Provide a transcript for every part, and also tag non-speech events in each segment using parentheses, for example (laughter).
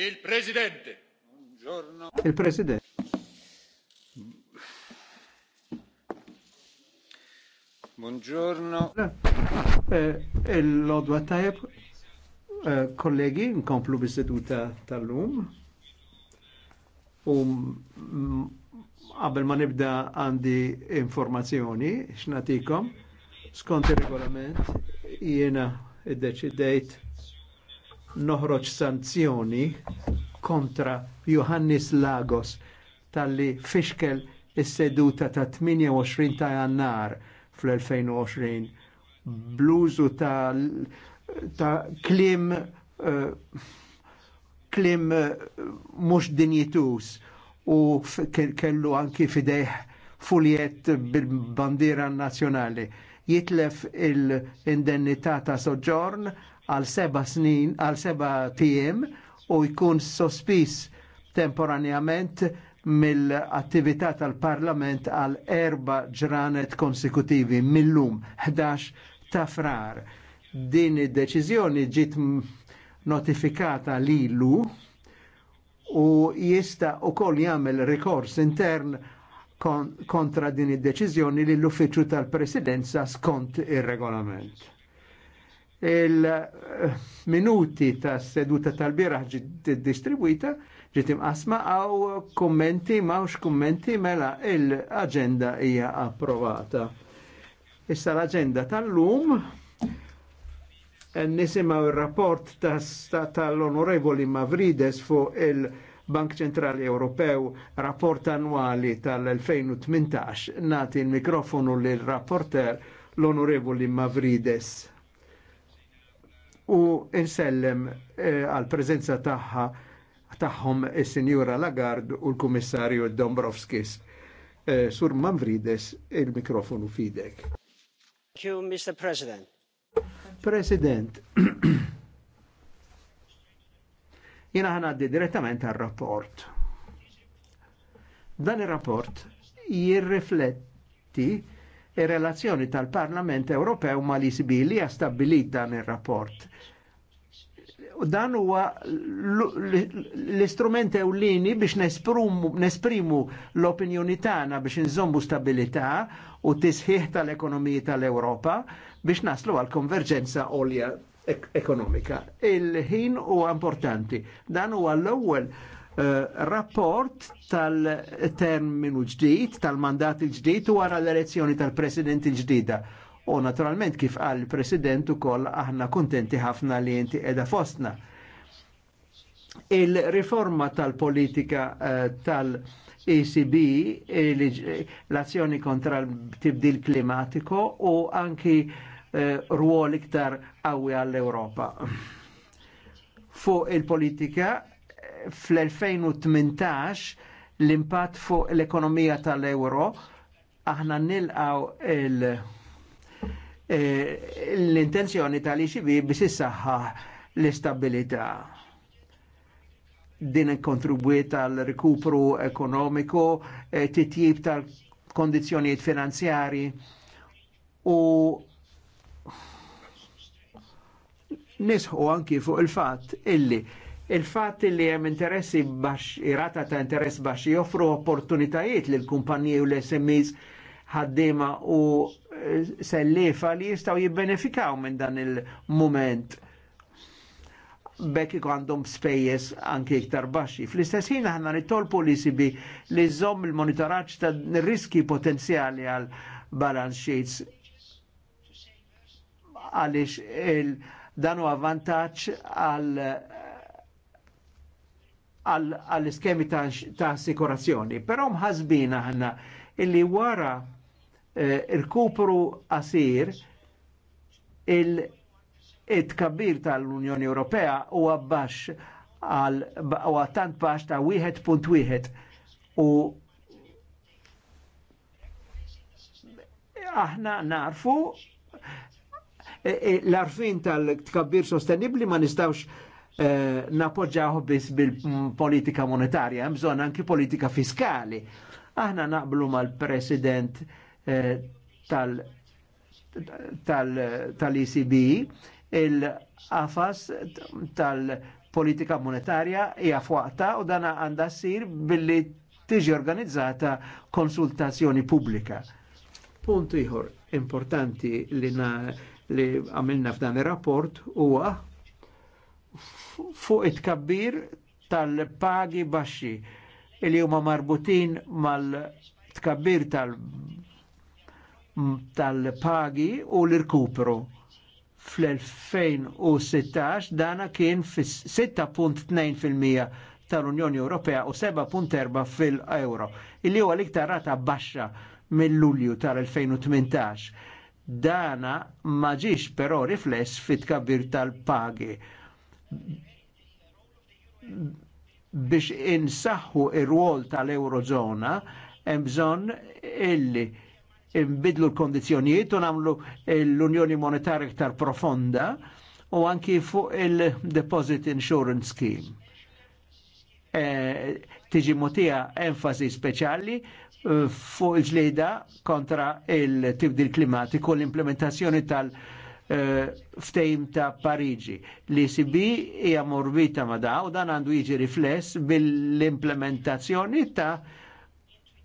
Il-Presidente. Buongiorno. Il-Presidente. Buongiorno. Eh, Il-lodwa e tajab, eh, kollegi, nkomplu bis-seduta tal-lum. um, qabel ma nibda għandi informazzjoni x'natikom skont ir-regolament jiena deċidejt noħroġ sanzjoni kontra Johannis Lagos talli fixkel is-seduta ta' 28 ta' jannar fl-2020 bluzu ta', ta klim uh, klim uh, eh, mux dinjitus u kellu anki fideħ fuljet bil-bandira nazjonali jitlef il-indennità ta' soġġorn għal seba snin, għal seba tiem u jkun sospis temporanjament mill-attività tal-Parlament għal erba ġranet konsekutivi mill-lum 11 ta' frar. Din id-deċiżjoni ġiet notifikata lilu u jista u koll jagħmel rikors intern kontra din id-deċiżjoni lill uffiċċju tal-Presidenza skont ir-regolament il-minuti ta' seduta tal-biraħ distribuita ġiet imqasma għaw kommenti mawx kommenti mela l-agenda hija approvata. Issa l-agenda tal-lum nisimaw il-rapport tal-onorevoli Mavrides fuq il-Bank Ċentrali Ewropew rapport annuali tal-2018. Nati il-mikrofonu l-rapporter l-onorevoli Mavrides u insellem eh, għal e, preżenza tagħha tagħhom is-Sinjura Lagard u l-Kummissarju Dombrovskis. Eh, Sur Mamvrides, il-mikrofonu fidek. Thank you, Mr. President. President, (clears throat) jena għaddi direttament għal rapport. Dan il-rapport jirrifletti ir-relazzjoni tal-Parlament Ewropew mal-ICB li hija stabbilit dan ir-rapport dan huwa l-istrument ewlieni biex nesprimu l-opinjoni tagħna biex inżommu stabilità u tisħiħ tal-ekonomiji tal-Ewropa biex naslu għal konverġenza olja ekonomika. Il-ħin huwa importanti. Dan huwa l-ewwel Eh, rapport tal-terminu ġdid, tal-mandat il-ġdid u għara l-elezzjoni tal-president il-ġdida. U naturalment kif għal president u koll aħna kontenti ħafna li jenti edha fostna. Il-riforma tal-politika eh, tal-ECB, l-azzjoni kontra l-tibdil klimatiko u anki eh, ruol iktar għawi għall-Europa. Fu il-politika fl-2018 l-impatt fuq l-ekonomija tal-euro aħna nilqaw eh, l-intenzjoni tal-ICB biex issaħħa l-istabilità. Din kontribwiet tal-rikupru ekonomiku, eh, titjib tal-kondizjonijiet finanzjari u nisħu anki fuq il-fat illi il fat li hemm interessi bax, irata ta' interess bax joffru opportunitajiet l kumpaniji u l-SMEs ħaddima u eh, sellifa li jistaw jibbenefikaw minn dan il-moment. Bekki għandhom spejjes anki iktar baxi. Fl-istess ħin aħna nitolbu li sibi li żomm il monitoraċ ta' riski potenzjali għal balance sheets għalix dan huwa vantaġġ għal għall-iskemi ta' assikurazzjoni. Però mħazbina aħna illi wara eh, irkupru asir il-tkabbir tal-Unjoni Ewropea u għabbax għal u għattant bax ta' 1.1 u aħna narfu eh, eh, l-arfin tal-tkabbir sostenibli ma nistawx Eh, napoġġaw biss bil-politika monetarja, hemm bżonn anki politika fiskali. Aħna naqblu mal-president eh, tal-ECB il afas tal-politika monetarja hija fuqta u dan għandha ssir billi tiġi organizzata konsultazzjoni pubblika. Punt ieħor importanti li għamilna f'dan ir-rapport huwa fuq it-kabbir tal-pagi baxxi li huma marbutin mal-tkabbir tal-pagi tal u l-irkupru. Fl-2016 dana kien fis-6.2% tal-Unjoni Ewropea u 7.4 fil-euro, illi huwa l-iktar rata baxxa mill-Lulju tal-2018. Dana ma ġiex però rifless fit kabbir tal-pagi biex insaħħu ir-rwol tal-Eurozona hemm bżonn illi nbidlu l kondizzjonijiet u nagħmlu l-Unjoni Monetarja iktar profonda u anki fuq il-Deposit Insurance Scheme. E, tiġi motija enfasi speċjali e, fuq il-ġlida kontra il-tibdil klimatiku l-implementazzjoni tal- Eh, ftejm ta' Parigi. Li sibi hija morbita ma' da' u dan għandu jiġi rifless bil-implementazzjoni ta'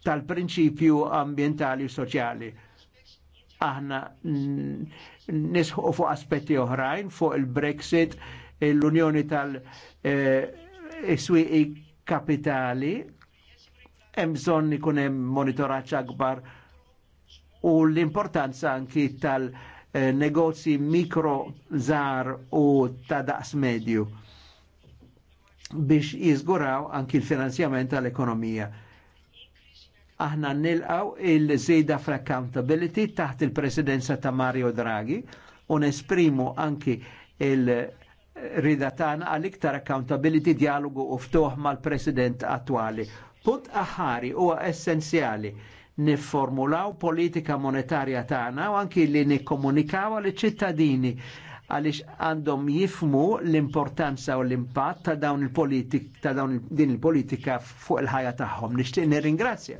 tal-prinċipju ambientali u soċjali. Aħna nisħu fuq aspetti oħrajn, fuq il-Brexit, l-Unjoni tal-Iswiqi eh, Kapitali, hemm bżonn ikun hemm monitoraġġ akbar u l-importanza anki tal- Eh, negozji mikro zar u ta' daqs medju biex jizguraw anki l-finanzjament tal-ekonomija. Aħna nilqaw il-żejda fl-accountability taħt il-presidenza ta' Mario Draghi u nesprimu anki il-rida tagħna għal-iktar accountability dialogu u ftuħ mal-president attuali. Punt aħari huwa essenzjali niformulaw politika monetarja tagħna u anki li nikkomunikaw għal ċittadini għaliex għandhom jifmu l-importanza u l-impatt ta' dawn il-politik ta' dawn din il-politika fuq il-ħajja tagħhom. Nixtieq nirringrazzja.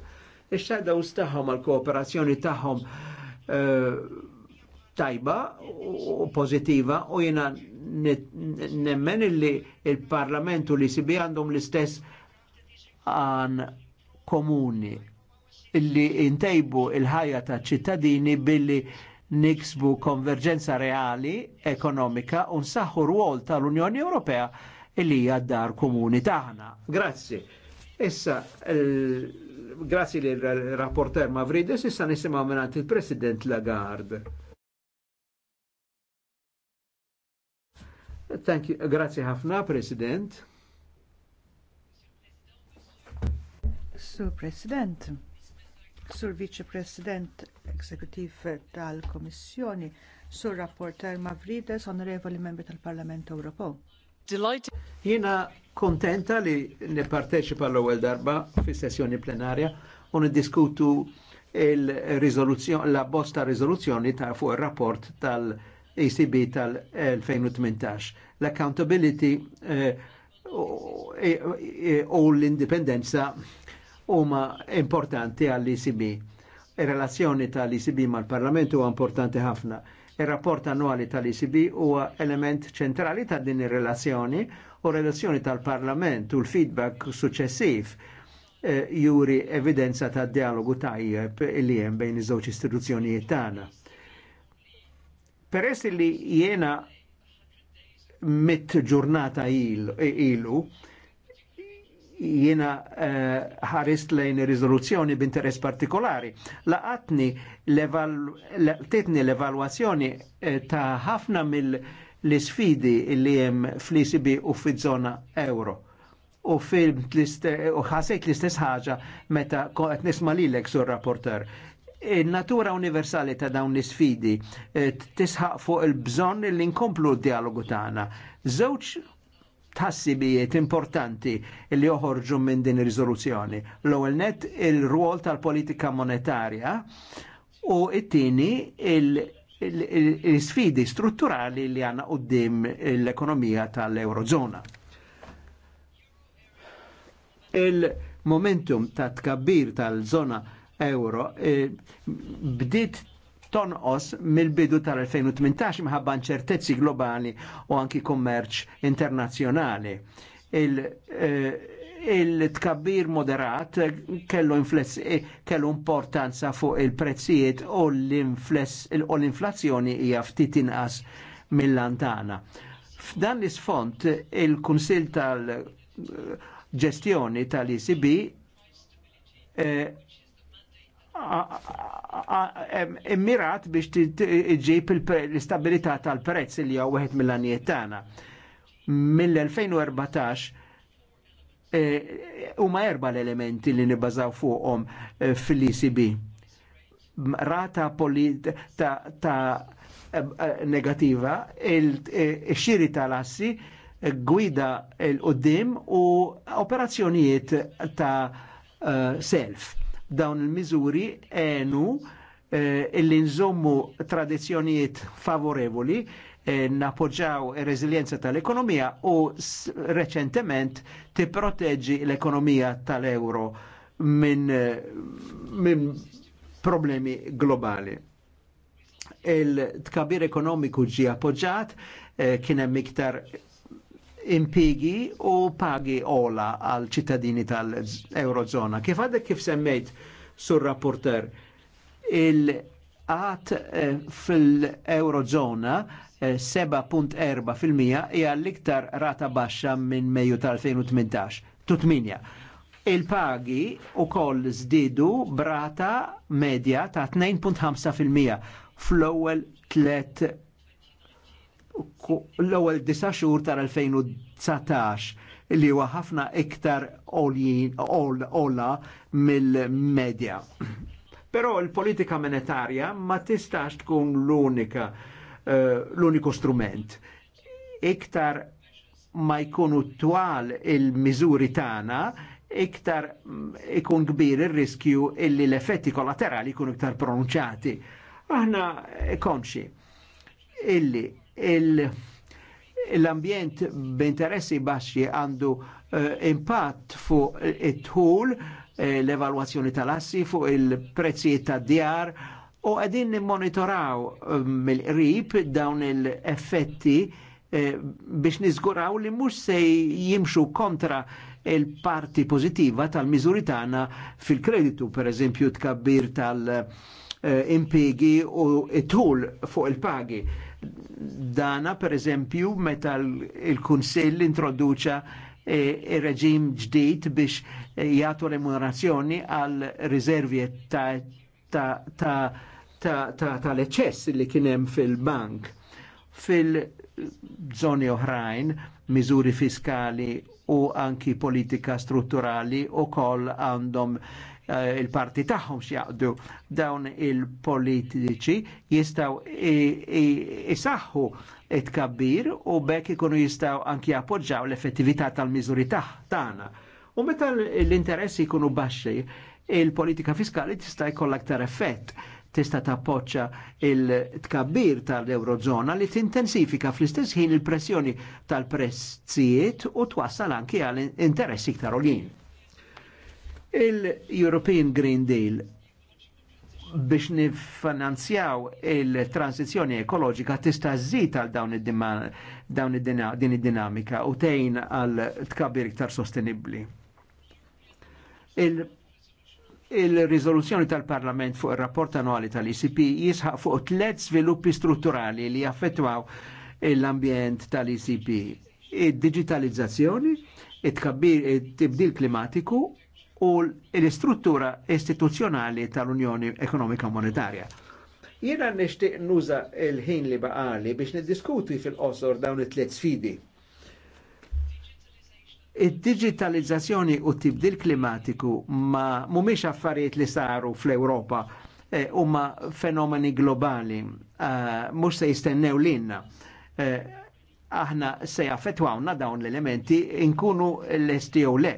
Ix-shadows tagħhom għall-kooperazzjoni tagħhom eh, tajba u pozitiva u jena nemmen li il-parlamentu li sibi għandhom l-istess għan komuni illi intejbu il-ħajja ta' ċittadini billi niksbu konverġenza reali ekonomika u nsaħħu rwol tal-Unjoni Ewropea illi hija dar komuni taħna. Grazzi. Issa, eh, grazzi li rapporter Mavridis, issa nisimaw minnant il-President Lagarde. Thank you. Grazie ħafna, President. Su President. Sur Viċi President Ekzekutiv tal-Komissjoni, Sur Rapporter Mavrides, Onorevoli Membri tal-Parlament Ewropew. Jiena kontenta li nipparteċipa l-ewwel darba fi sessjoni plenarja u niddiskutu la bosta riżoluzzjoni ta' fuq ir-rapport tal-ECB tal-2018. L-accountability u eh, e- e- e- l-indipendenza uh, huma importanti għall icb Ir-relazzjoni tal icb mal-Parlament huwa importanti ħafna. Ir-rapport annwali tal icb huwa element ċentrali ta' din ir-relazzjoni u relazzjoni tal-Parlament u l-feedback successiv eh, juri evidenza ta' dialogu tajjeb li hemm bejn iż-żewġ istituzzjonijiet tagħna. Peress li jiena mit ġurnata ilu, ilu jiena eh, ħarist lejn Rizoluzzjoni b'interess partikolari. Laqatni l-tetni l-evalwazzjoni eh, ta' ħafna mill-sfidi li jem fl isb u fil zona euro. U ħasejt l-istess ħaġa meta qed nisma' lilek sur rapporter natura universali ta' dawn l-sfidi eh, tisħaq fuq il-bżonn l nkomplu d-dialogu tagħna. Zewċ tassibijiet importanti li joħorġu minn din ir-riżoluzzjoni. L-ewwel net il-rwol tal-politika monetarja u it-tieni l sfidi strutturali li għanna qoddim l-ekonomija tal-Eurozona. Il-momentum ta' tkabbir tal-zona euro eh, bdiet tonqos mill-bidu tal-2018 mħabba ċertezzi globali u anki kummerċ internazzjonali. Eh, il-tkabbir il moderat kellu, eh, kellu importanza fuq il-prezzijiet u l-inflazzjoni hija ftit inqas mill antana F'dan l-isfont il-Kunsil tal-ġestjoni tal-ECB eh, immirat biex tġib l-istabilità tal-prezz li huwa wieħed mill-għanijiet tagħna. Mill-2014 e, huma erba l-elementi li nibbażaw fuqhom e, fil-ECB. Rata ta' e, negativa, il-xiri tal-assi, gwida l-qoddim u operazzjonijiet ta' self Dawn il-miżuri għenu eh, illi nżommu tradizjonijiet favorevoli eh, napoġġaw ir-reżiljenza tal-ekonomija u reċentement tipproteġġi l-ekonomija tal-euro minn eh, min problemi globali il-tkabir ekonomiku ġi appoġġat, eh, kien hemm iktar impigi u pagi ola għal ċittadini tal-Eurozona. Kif għadek kif semmejt sur rapporter il-għat eh, fil-Eurozona 7.4% eh, hija l-iktar rata baxxa minn Mejju tal-2018. Tutminja. Il-pagi u koll zdidu brata medja ta' 2.5% fl-ewwel tlet l-ewwel disa' xhur tal-2019 li huwa ħafna iktar ola mill-medja. Però l-politika monetarja ma tistax tkun l-unika eh, l-uniku strument. Iktar ma jkunu twal il-miżuri tagħna, iktar mm, ikun kbir ir-riskju illi l-effetti kollaterali jkunu iktar pronunċati. Aħna konxi illi l-ambjent b'interessi baxxi għandu eh, impatt fuq it-tħul, eh, l-evalwazzjoni tal-assi, fuq il-prezzijiet tad-djar, u għedin monitoraw eh, mill-qrib dawn il-effetti biex nizguraw li mhux se jimxu kontra il-parti pozitiva tal miżuri tagħna fil-kreditu, per eżempju, tkabbir tal-impigi u it-tul fuq il-pagi dana per eżempju meta il-Kunsill introduċa eh, il-reġim e ġdid biex eh, jgħatu remunerazzjoni għal riservi ta' tal-eċess li kienem fil-bank. Fil-żoni oħrajn, miżuri fiskali u anki politika strutturali u koll għandhom Eh, il-parti tagħhom x'jaqdu dawn il-politiċi jistaw isaħħu it-kabbir u bekk ikunu jistaw anki appoġġaw l-effettività tal-miżuri tagħna. U meta l-interessi jkunu baxxi, il-politika fiskali tista' jkoll aktar effett tista' tappoġġa il-tkabbir tal-Eurozona li tintensifika fl-istess ħin il-pressjoni tal-prezzijiet u twassal anki għal interessi iktar olin. Il-European Green Deal biex nifinanzjaw il-transizjoni ekoloġika tista' żżid għal dawn din id-dinamika u tgħin għal tkabbir iktar sostenibbli. Il-riżoluzzjoni il tal-Parlament fuq ir-rapport annwali tal-ICP jisħaq fuq tliet sviluppi strutturali li jaffettwaw l-ambjent tal-ICP. Id-digitalizzazzjoni, it-tibdil klimatiku u l-istruttura istituzzjonali tal-Unjoni Ekonomika Monetarja. Jiena nishtiq nuża il-ħin li baqali biex niddiskuti fil-qosor dawn it-tliet sfidi. Id-digitalizzazzjoni u tibdil klimatiku ma mhumiex affarijiet li saru fl-Ewropa eh, huma ma fenomeni globali mux eh, mhux se jistennew l eh, aħna se jaffetwawna dawn l-elementi inkunu l-esti le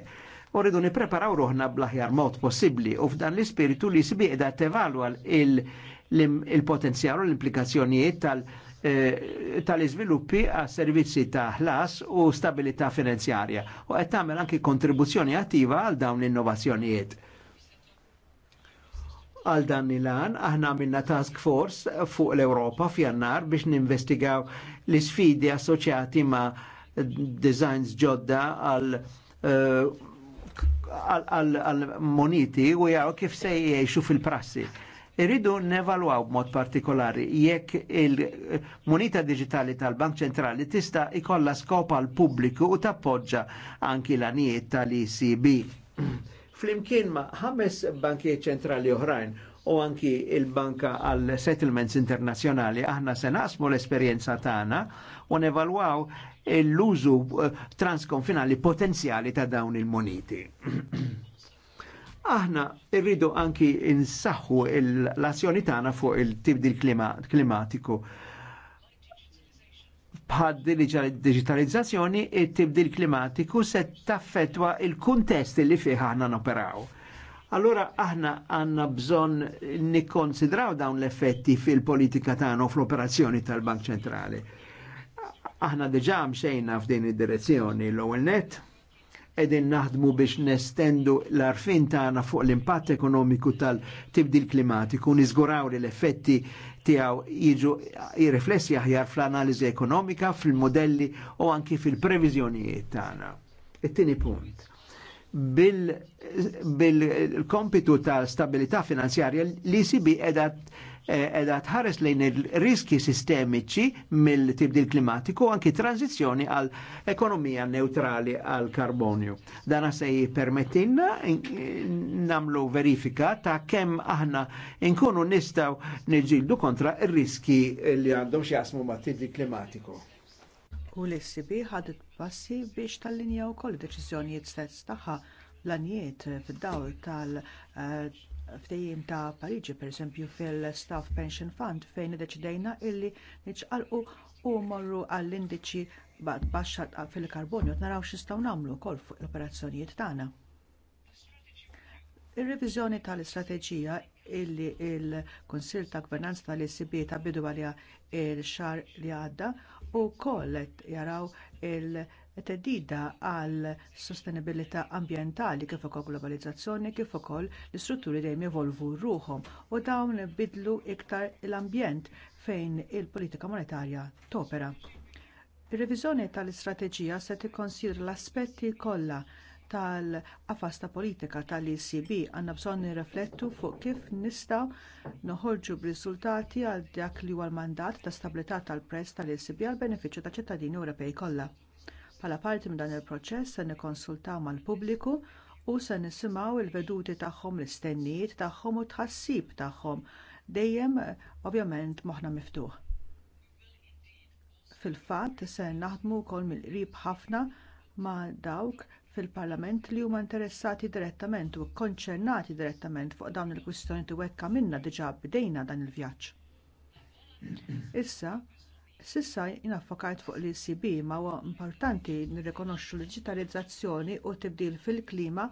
u rridu nipreparaw ruħna blaħjar mod possibbli u f'dan l-ispiritu li sbiqda tevalwa il-potenzjal u l-implikazzjonijiet tal- eh, tal-izviluppi għas servizzi ta' ħlas u stabilità finanzjarja u qed tagħmel anki kontribuzzjoni attiva għal dawn l-innovazzjonijiet. Għal dan il-għan, aħna minna task force fuq l-Europa f'jannar biex ninvestigaw l-sfidi assoċjati ma' designs ġodda għal uh, għal-moniti u jgħu kif se jgħixu fil-prassi. Irridu nevalwaw b'mod partikolari jekk il-monita digitali tal-Bank Ċentrali tista' ikolla skop għal pubbliku u tappoġġa anki l-anijiet tal-ECB. (clears throat) Flimkien ma' ħames bankijiet ċentrali oħrajn u anki il-Banka għal Settlements Internazjonali aħna se naqsmu l-esperjenza tagħna u nevalwaw l-użu eh, transkonfinali potenzjali ta' dawn il-moniti. (clears throat) aħna irridu anki insaħħu l-azzjoni tagħna fuq il-tibdil klimatiku. Bħad digitalizzazzjoni, il-tibdil klimatiku se taffetwa il-kuntest li fih aħna noperaw. Allora aħna għanna bżon nikkonsidraw dawn l-effetti fil-politika tagħna u fl-operazzjoni tal-Bank Ċentrali Aħna diġa mxejna f'din id-direzzjoni l-ewwel net edin naħdmu biex nestendu l-arfin tagħna fuq l-impatt ekonomiku tal-tibdil klimatiku, niżguraw li l-effetti tiegħu jiġu jirriflessi aħjar fl-analiżi ekonomika, fil-modelli u anki fil-previżjonijiet tagħna. It-tieni punt. Bil-kompitu bil, bil ta' stabilità finanzjarja li sibi edha edha tħares lejn il-riski sistemiċi mill-tibdil klimatiku anki tranzizjoni għal ekonomija neutrali għal karbonju. Dana se jipermettinna namlu verifika ta' kemm aħna inkunu nistaw neġildu kontra il-riski li għandhom xjasmu ma' tibdil klimatiku. U l-SCB ħadet passi biex tal-linja u koll deċizjonijiet stess taħħa l-anijiet fid-dawl tal- ftejjim ta' Pariġi pereżempju fil-Staff Pension Fund fejn deċidejna illi niċqalqu u mmorru għall-indiċi baxxa fil-karbonju naraw x'istgħu nagħmlu wkoll fuq l-operazzjonijiet tagħna. Ir-reviżjoni tal-istrateġija illi l kunsill ta' Gvernanza tal-ECB ta' bidu għalija il-xar li għadda u koll jaraw il- tedida għal sostenibilità ambjentali kif ukoll globalizzazzjoni kif ukoll l-istrutturi dejjem jevolvu ruhom u dawn bidlu iktar l-ambjent fejn il-politika monetarja topera. Ir-reviżjoni tal-istrateġija se tikkonsidra l-aspetti kollha tal-afasta politika tal-ECB għandna bżonn nirriflettu fuq kif nistgħu noħorġu b'riżultati għal dak li huwa l-mandat ta' stabilità tal-prezz tal-ECB għall benefiċċju taċ ċittadini Ewropej kollha Bħala parti minn dan il-proċess se nikkonsultaw mal-pubbliku u se nisimgħu l veduti tagħhom, l-istennijiet tagħhom u tħassib tagħhom dejjem ovvjament moħħna miftuħ. Fil-fatt se naħdmu wkoll mill-qrib ħafna ma' dawk fil-Parlament li huma interessati direttament u konċernati direttament fuq dawn il-kwistjoni u hekk minna diġà bdejna dan il-vjaġġ. Issa, Sissa inaffokajt fuq l-ECB ma huwa importanti nirrikonoxxu l-digitalizzazzjoni u tibdil fil-klima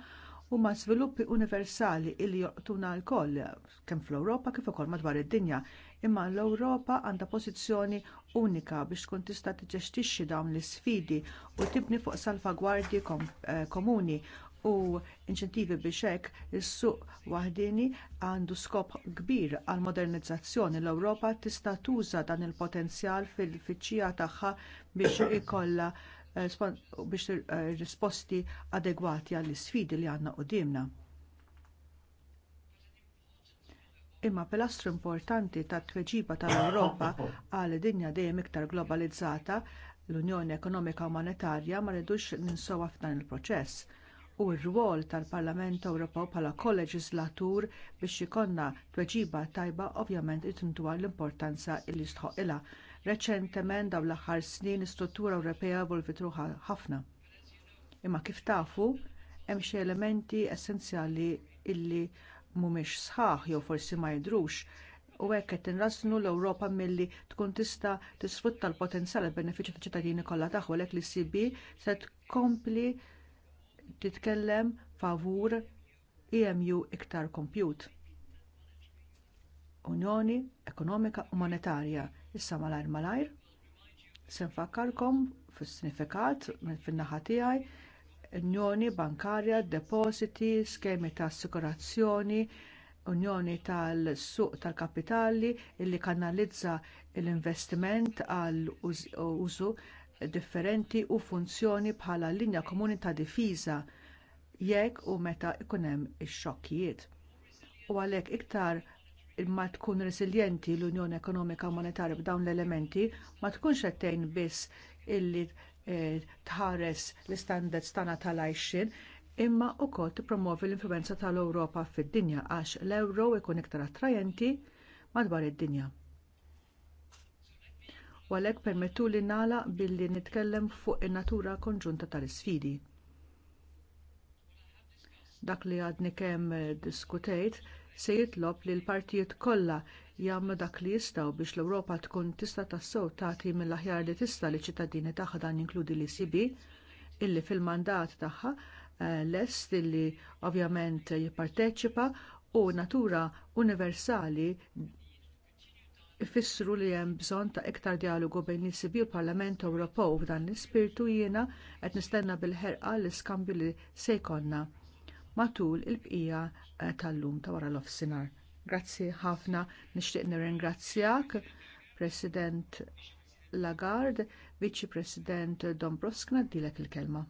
huma żviluppi universali li joqtuna lkoll kemm fl-Ewropa kif ukoll madwar id-dinja. Imma l-Ewropa għandha pożizzjoni unika biex tkun tista' tiġġestixxi dawn l-isfidi u tibni fuq salvagwardji eh, komuni u inċentivi biex hekk is-suq waħdini għandu skop kbir għal modernizzazzjoni l-Ewropa tista' tuża dan il-potenzjal fil-fiċċija tagħha biex ikollha eh, biex eh, risposti adegwati għall isfidi li għandna qudiemna. Imma pilastru importanti tat tweġiba tal-Ewropa għal dinja dejjem iktar globalizzata l-Unjoni Ekonomika u Monetarja ma rridux ninsowha f'dan il-proċess u r-rwol tal-Parlament Ewropew bħala kolleġislatur biex ikonna tweġiba tajba ovvjament itintuha l-importanza li stħoqilha. Reċentement dawn l-aħħar snin l-istruttura Ewropea volvit ruħa ħafna. Imma kif tafu, hemm xi elementi essenzjali illi mhumiex sħaħ jew forsi ma jidhrux u hekk qed tinrasnu l-Ewropa milli tkun tista' tisfrutta l-potenzjal benefiċċju ta' ċittadini kollha tagħha għalhekk li CB se tkompli titkellem favur EMU iktar kompjut. Unjoni Ekonomika u Monetarja issa malajr malajr. Se nfakkarkom fis-sinifikat fin-naħa tiegħi Unjoni Bankarja, Depositi, Skemi ta' Assikurazzjoni, Unjoni tal-Suq tal-Kapitali illi kanalizza l-investiment għal użu differenti u funzjoni bħala linja komuni ta' difiża jekk u meta jkun hemm ix-xokkijiet. U għalhekk iktar ma tkun resiljenti l-Unjoni Ekonomika Monetarja b'dawn l-elementi ma tkunx qed tgħin biss illi eh, tħares l-istandards tagħna tal-għajxin imma wkoll tippromovi l-influenza tal-Ewropa fid-dinja għax l-ewro jkun iktar attrajenti madwar id-dinja u għalhekk permettu li nagħlaq billi nitkellem fuq in-natura konġunta tal-isfidi. Dak li għadni kemm diskutejt se jitlob li l-partijiet kollha jagħmlu dak li jistgħu biex l-Ewropa tkun tista' tassew tagħti mill-aħjar li tista' liċ ċittadini tagħha dan jinkludi l sibi illi fil-mandat tagħha eh, lest illi ovvjament jipparteċipa u natura universali ifissru li hemm bżonn ta' iktar dialogu bejn l-ICB u l-Parlament Ewropew f'dan l-ispirtu jiena qed nistenna bil-ħerqa l-iskambju li se jkollna matul il-bqija eh, tal-lum ta' wara l-ofsinar. Grazzi ħafna nixtieq nirringrazzjak, President Lagarde, Viċi President Dombrovskna, dilek il-kelma.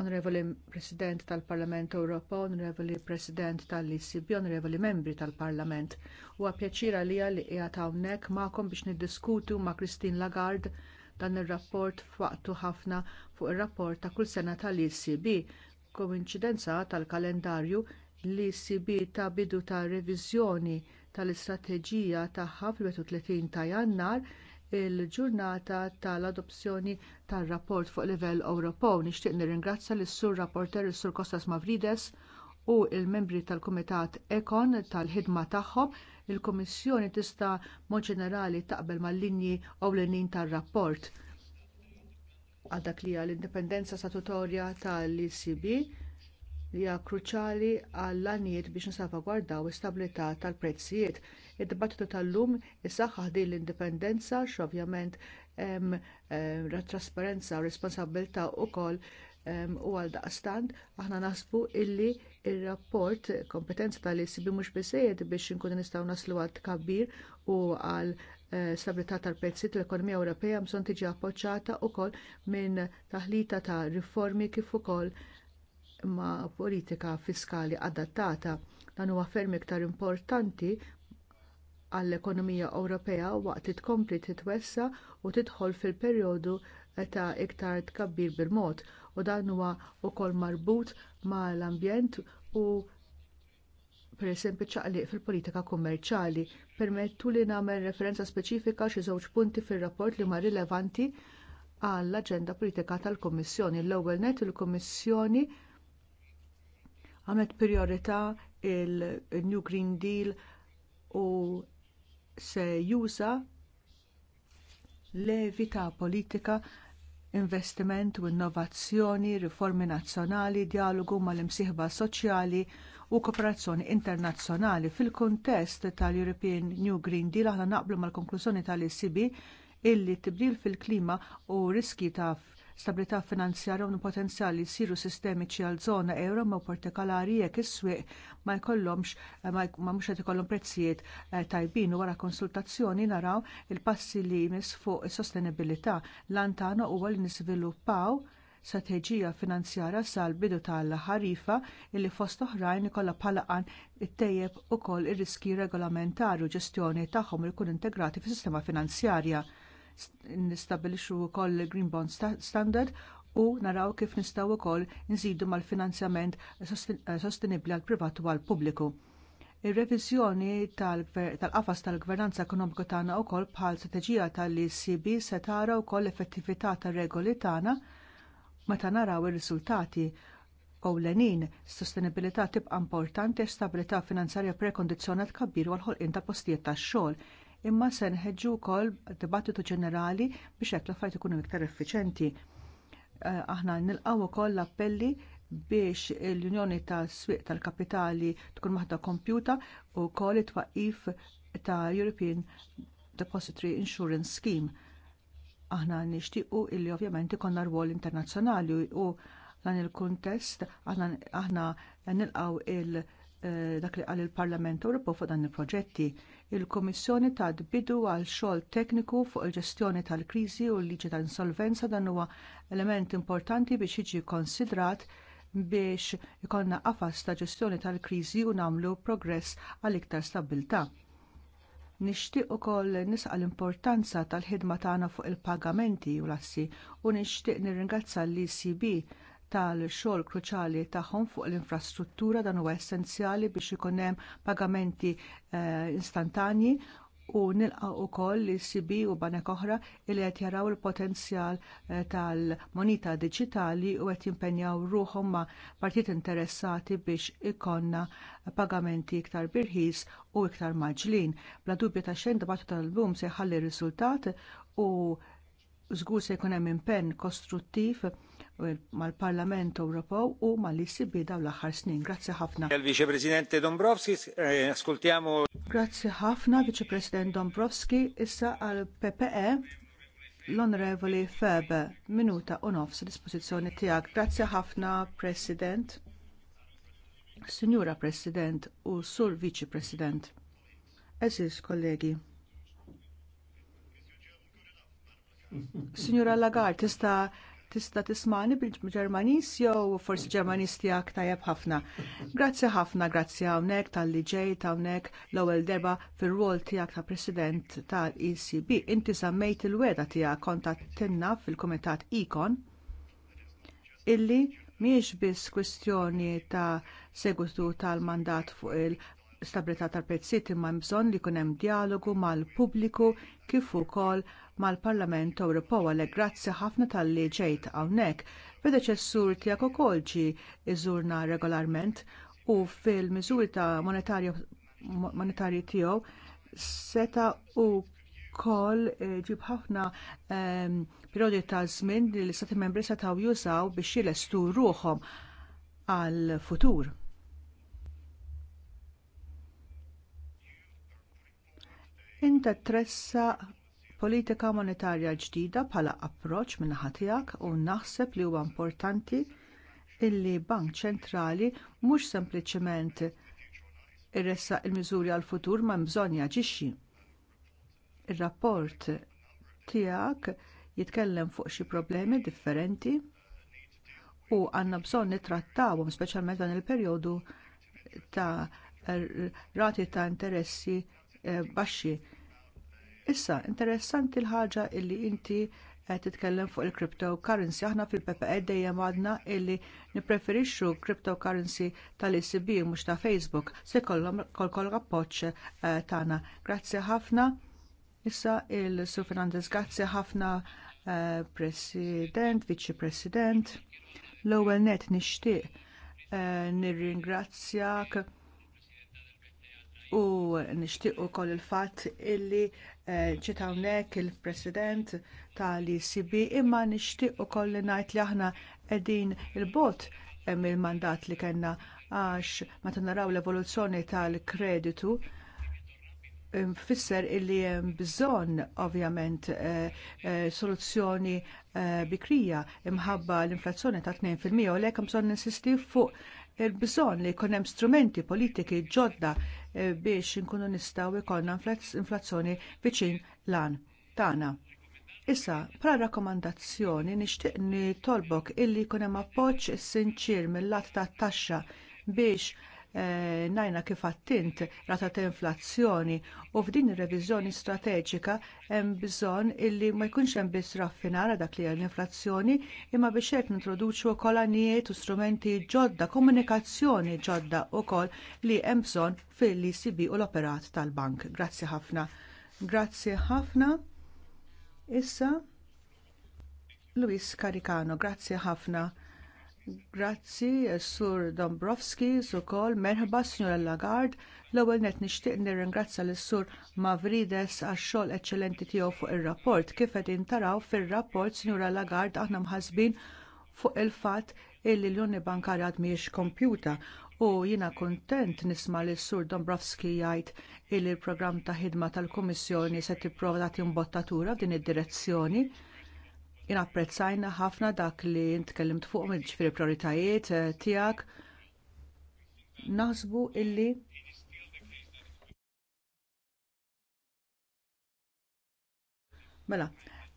Onorevoli President tal-Parlament Ewropa, Onorevoli President tal-ICB, Onorevoli Membri tal-Parlament. Huwa pjaċira li li qiegħed hawnhekk magħkom biex niddiskutu ma' Christine Lagarde dan ir-rapport f'waqtu ħafna fuq ir-rapport ta' kull sena tal-ICB. Koincidenza tal-kalendarju li ICB ta' bidu ta' reviżjoni tal-istrateġija tagħha fil 30 ta' Jannar il-ġurnata tal-adozzjoni tar rapport fuq livell Ewropew. Nixtieq nirringrazzja lis sur rapporter is sur Kostas Mavrides u l membri tal-Kumitat Ekon tal-ħidma tagħhom. Il-Kummissjoni tista' mod ġenerali taqbel mal-linji ewlenin tar-rapport għal dak li l-indipendenza statutorja tal icb li hija kruċjali għall għanijiet biex nsalvagwardaw is-stabilità tal-prezzijiet. Id-dibattitu tal-lum isaħħaħ din l-indipendenza x'ovvjament hemm trasparenza u responsabilità wkoll u għal daqstant aħna naħsbu illi r rapport kompetenza tal-ECB mhux sejjed biex inkunu nistgħu naslu għal tkabbir u għal eh, stabilità tal prezzijiet l ekonomija Ewropea bżonn tiġi appoġġjata wkoll minn taħlita ta' riformi kif ukoll ma' politika fiskali adattata dan huwa ferm iktar importanti għall-ekonomija Ewropea waqt tkompli titwessa u tidħol fil-perjodu ta' iktar tkabbir bil-mod u dan huwa wkoll marbut mal-ambjent u pereżempju ċaqliq fil-politika kummerċjali. Permettu li nagħmel referenza speċifika xi żewġ punti fir-rapport li huma rilevanti għall-aġenda politika tal-Kummissjoni. L-ewwel nett il-Kummissjoni il kummissjoni għamet priorità il-New Green Deal u se juża levi ta' politika investiment u innovazzjoni, riformi nazzjonali, dijalogu mal-imsieħba soċjali u kooperazzjoni internazzjonali fil-kuntest tal-European New Green Deal aħna naqblu mal-konklużjoni tal-ECB illi tibdil fil-klima u riski ta' stabilità finanzjarja u potenzjali jsiru sistemiċi għal żona euro ma' partikolari jekk is-swieq ma jkollhomx eh, ma mhux qed ikollhom prezzijiet eh, tajbin u wara konsultazzjoni naraw il-passi li jmiss fuq is-sostenibilità lantana huwa li nisviluppaw strateġija finanzjara sal-bidu tal-ħarifa illi fost oħrajn ikollha bħala qan tejjeb ukoll ir-riski regolamentari u ġestjoni tagħhom li jkun integrati fis-sistema finanzjarja nistabilixxu wkoll Green Bond Standard u naraw kif nistgħu wkoll nżidu mal-finanzjament eh, sostenibbli għall privat u għall pubbliku. Ir-reviżjoni tal-qafas tal-gvernanza ekonomika tagħna wkoll bħal strateġija tal-ECB se tara wkoll l-effettività tar-regoli tagħna meta naraw ir-riżultati ewlenin, sostenibilità tibqa' importanti e stabilità finanzarja prekondizzjonat kabbir għal ħolqien ta' postijiet tax-xogħol imma se nħeġġu wkoll dibattitu ġenerali biex hekk l-affarijiet ikunu iktar effiċenti. Eh, aħna nilqgħu ukoll l-appelli biex l-Unjoni tas-Swieq tal-Kapitali tkun maħda kompjuta u koll it-twaqif ta' European Depository Insurance Scheme. Aħna nixtiequ illi ovvjament ikonna rwol internazzjonali u dan il-kuntest aħna nilqgħu il- eh, dak li qal il-Parlament Ewropew fuq dan il-proġetti il-Kummissjoni tad bidu għal xogħol tekniku fuq il-ġestjoni tal-kriżi u l-liġi ta' insolvenza dan huwa element importanti biex jiġi konsidrat biex ikonna qafas ta' ġestjoni tal-kriżi u nagħmlu progress għal iktar stabbiltà. Nixtieq ukoll nisqa l-importanza tal-ħidma tagħna fuq il-pagamenti u lassi u nixtieq nirringazza l-ECB tal-xogħol kruċjali tagħhom fuq l-infrastruttura dan huwa essenzjali biex ikun hemm pagamenti eh, instantanji u nilqa' ukoll li sibi u banek oħra li qed jaraw il-potenzjal eh, tal-monita diġitali u qed jimpenjaw ruħhom ma' partit interessati biex ikonna pagamenti iktar birħis u iktar maġlin. Bla dubju ta' xejn dibattu tal-lum se jħalli r riżultat u żgur se jkun hemm impenn kostruttiv eh, mal-Parlament Ewropew u mal-ICB dawn l-aħħar snin. Grazzi ħafna. il vice presidente Dombrovski, eh, ascoltiamo. Grazzi ħafna, Vice president Dombrovski, issa għal PPE l-Onorevoli Feb minuta u nofs dispożizzjoni tiegħek. Grazzi ħafna, President. Signora President u Sur Vice President. Eżis, kollegi. Signora Lagarde, tista' tista' tismani bil-Ġermanis jew forsi Ġermanis tiegħek tajjeb ħafna. Grazzi ħafna, grazzi hawnhekk tal-li ġej hawnhekk l-ewwel deba fir-rol tiegħek ta' President tal-ECB. Inti sammejt il-weda tiegħek kontattinna fil-Kumitat Ikon illi mhijiex biss kwestjoni ta' segwitu tal-mandat fuq il- stabilità tal-prezziet imma bżonn li jkun hemm dijalogu mal-pubbliku kif ukoll mal-Parlament Ewropew għalhekk grazzi ħafna talli ġejt hawnhekk. Predeċessur tiegħek ukoll ġie iżurna regolarment u fil-miżuri ta' monetarji tiegħu seta u koll eh, ġib ħafna ehm, periodi ta' żmien li l-istati membri setgħu jużaw biex jilestu ruħhom għall futur Inta tressa politika monetarja ġdida bħala approċċ min-naħa tiegħek u naħseb li huwa importanti illi bank ċentrali mhux sempliċement irressaq il-miżuri għall futur ma bżonn jaġixxi. Ir-rapport tiegħek jitkellem fuq xi problemi differenti u għandna bżonn nittrattawhom speċjalment dan il-perjodu ta' rati ta' interessi eh, baxxi Issa, interessanti l-ħaġa illi inti qed titkellem fuq il-cryptocurrency. Aħna fil-PPE dejjem għadna illi nippreferixxu cryptocurrency tal-ECB mhux ta' Facebook se kollhom appoġġ eh, tagħna. Grazzi ħafna. Issa il-Sur Fernandez, grazzi ħafna eh, President, Viċi President. L-ewwel net nixtieq eh, nirringrazzjak u nixtieq ukoll il-fatt illi ċitawnek eh, il-President tal-ICB imma nixtieq ukoll li ngħid li aħna qegħdin il-bot eh, il mandat li kellna għax meta naraw l-evoluzzjoni tal-kreditu fisser illi hemm bżonn ovvjament eh, soluzzjoni bikrija imħabba l-inflazzjoni ta' 2% u hemm bżonn insisti fuq il-bżonn li jkun hemm strumenti politiki ġodda Eh, biex inkunu nistgħu jkollna inflazzjoni viċin lan tagħna. Issa, pra rakkomandazzjoni nixtieq nitolbok illi jkun hemm appoġġ sinċir mill-lat tat-taxxa biex Eh, najna kif attint rata ta' inflazzjoni u f'din ir-reviżjoni strateġika hemm bżonn illi ma jkunx hemm biss raffinara dak li l-inflazzjoni imma biex qed nintroduċu wkoll għanijiet u strumenti ġodda, komunikazzjoni ġodda wkoll li hemm bżonn fil-ECB u l-operat tal-bank. Grazzi ħafna. Grazzi ħafna. Issa Luis Caricano, grazzi ħafna. Grazzi, Sur Dombrovski, Sur Kol, merħba, Signora Lagarde. L-ewwel net nixtieq nirringrazzja lis sur Mavrides għax-xogħol eċċellenti tiegħu fuq ir-rapport. Kif qed intaraw fir-rapport, Signora Lagarde, aħna mħasbin fuq il-fatt illi l-Unjoni Bankarja għad mhijiex kompjuta u jiena kuntent nisma li sur Dombrovski jgħid illi l-programm ta' ħidma tal-Kummissjoni se tipprova tagħti mbottatura f'din id-direzzjoni Jien apprezzajna ħafna dak li ntkellimt fuq ġifieri prioritajiet eh, tiegħek. Naħsbu illi Mela,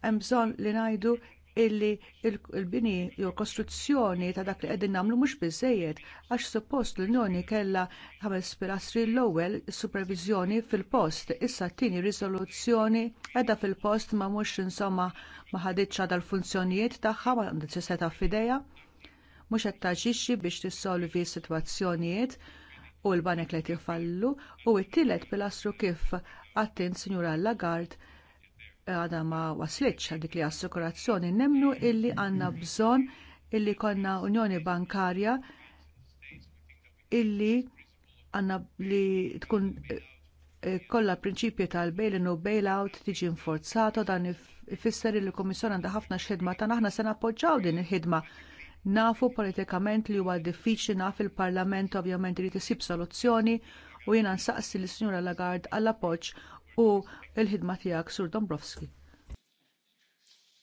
hemm bżonn li ngħidu illi il-bini jew kostruzzjoni ta' dak li qegħdin nagħmlu mhux biżżejjed għax suppost l-Unjoni kellha ħames pilastri l-ewwel superviżjoni fil-post, issa t-tieni riżoluzzjoni qiegħda fil-post ma mhux insomma ma ħadiċċa dal-funzjonijiet tagħha ma għandha seta' f'idejha mhux qed taġixxi biex tissolvi s-sitwazzjonijiet u l-banek li tifallu u t-tielet pilastru kif għattint Sinjura Lagarde għada ma waslitx għal dik li assikurazzjoni nemnu illi għandna bżonn illi konna unjoni bankarja illi għandna li tkun eh, eh, kollha prinċipju tal-bail-in u bail-out tiġi nforzato dan ifisser li l-Kummissjoni għandha ħafna xidma ta' aħna se nappoġġaw din il-ħidma. Nafu politikament li huwa diffiċli naf il-Parlament ovvjament li tisib soluzzjoni u jiena nsaqsi lis sinjura Lagarde għall appoġġ u l-ħidma tiegħek Sur Dombrovski.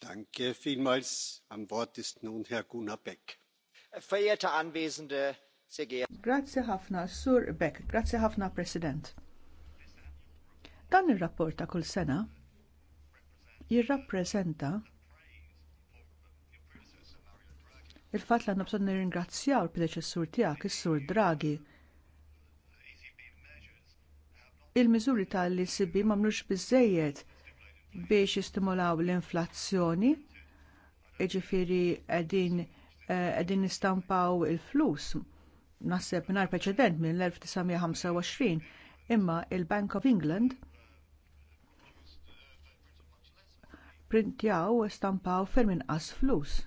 Danke vielmals. Am Wort ist nun Herr Gunnar Beck. Verehrte Anwesende, sehr geehrte. Grazie ħafna, Sur Beck. Grazie ħafna, President. Dan ir-rapport ta' kull sena jirrappreżenta il-fatt li għandna bżonn nirringrazzjaw il-predeċessur tiegħek, is-Sur Draghi, il-miżuri tal-ECB mamlux biżżejjed biex jistimulaw l-inflazzjoni, jiġifieri qegħdin eh, qegħdin nistampaw il-flus naħseb minar preċedent minn l-1925 imma il-Bank of England printjaw stampaw ferm inqas flus.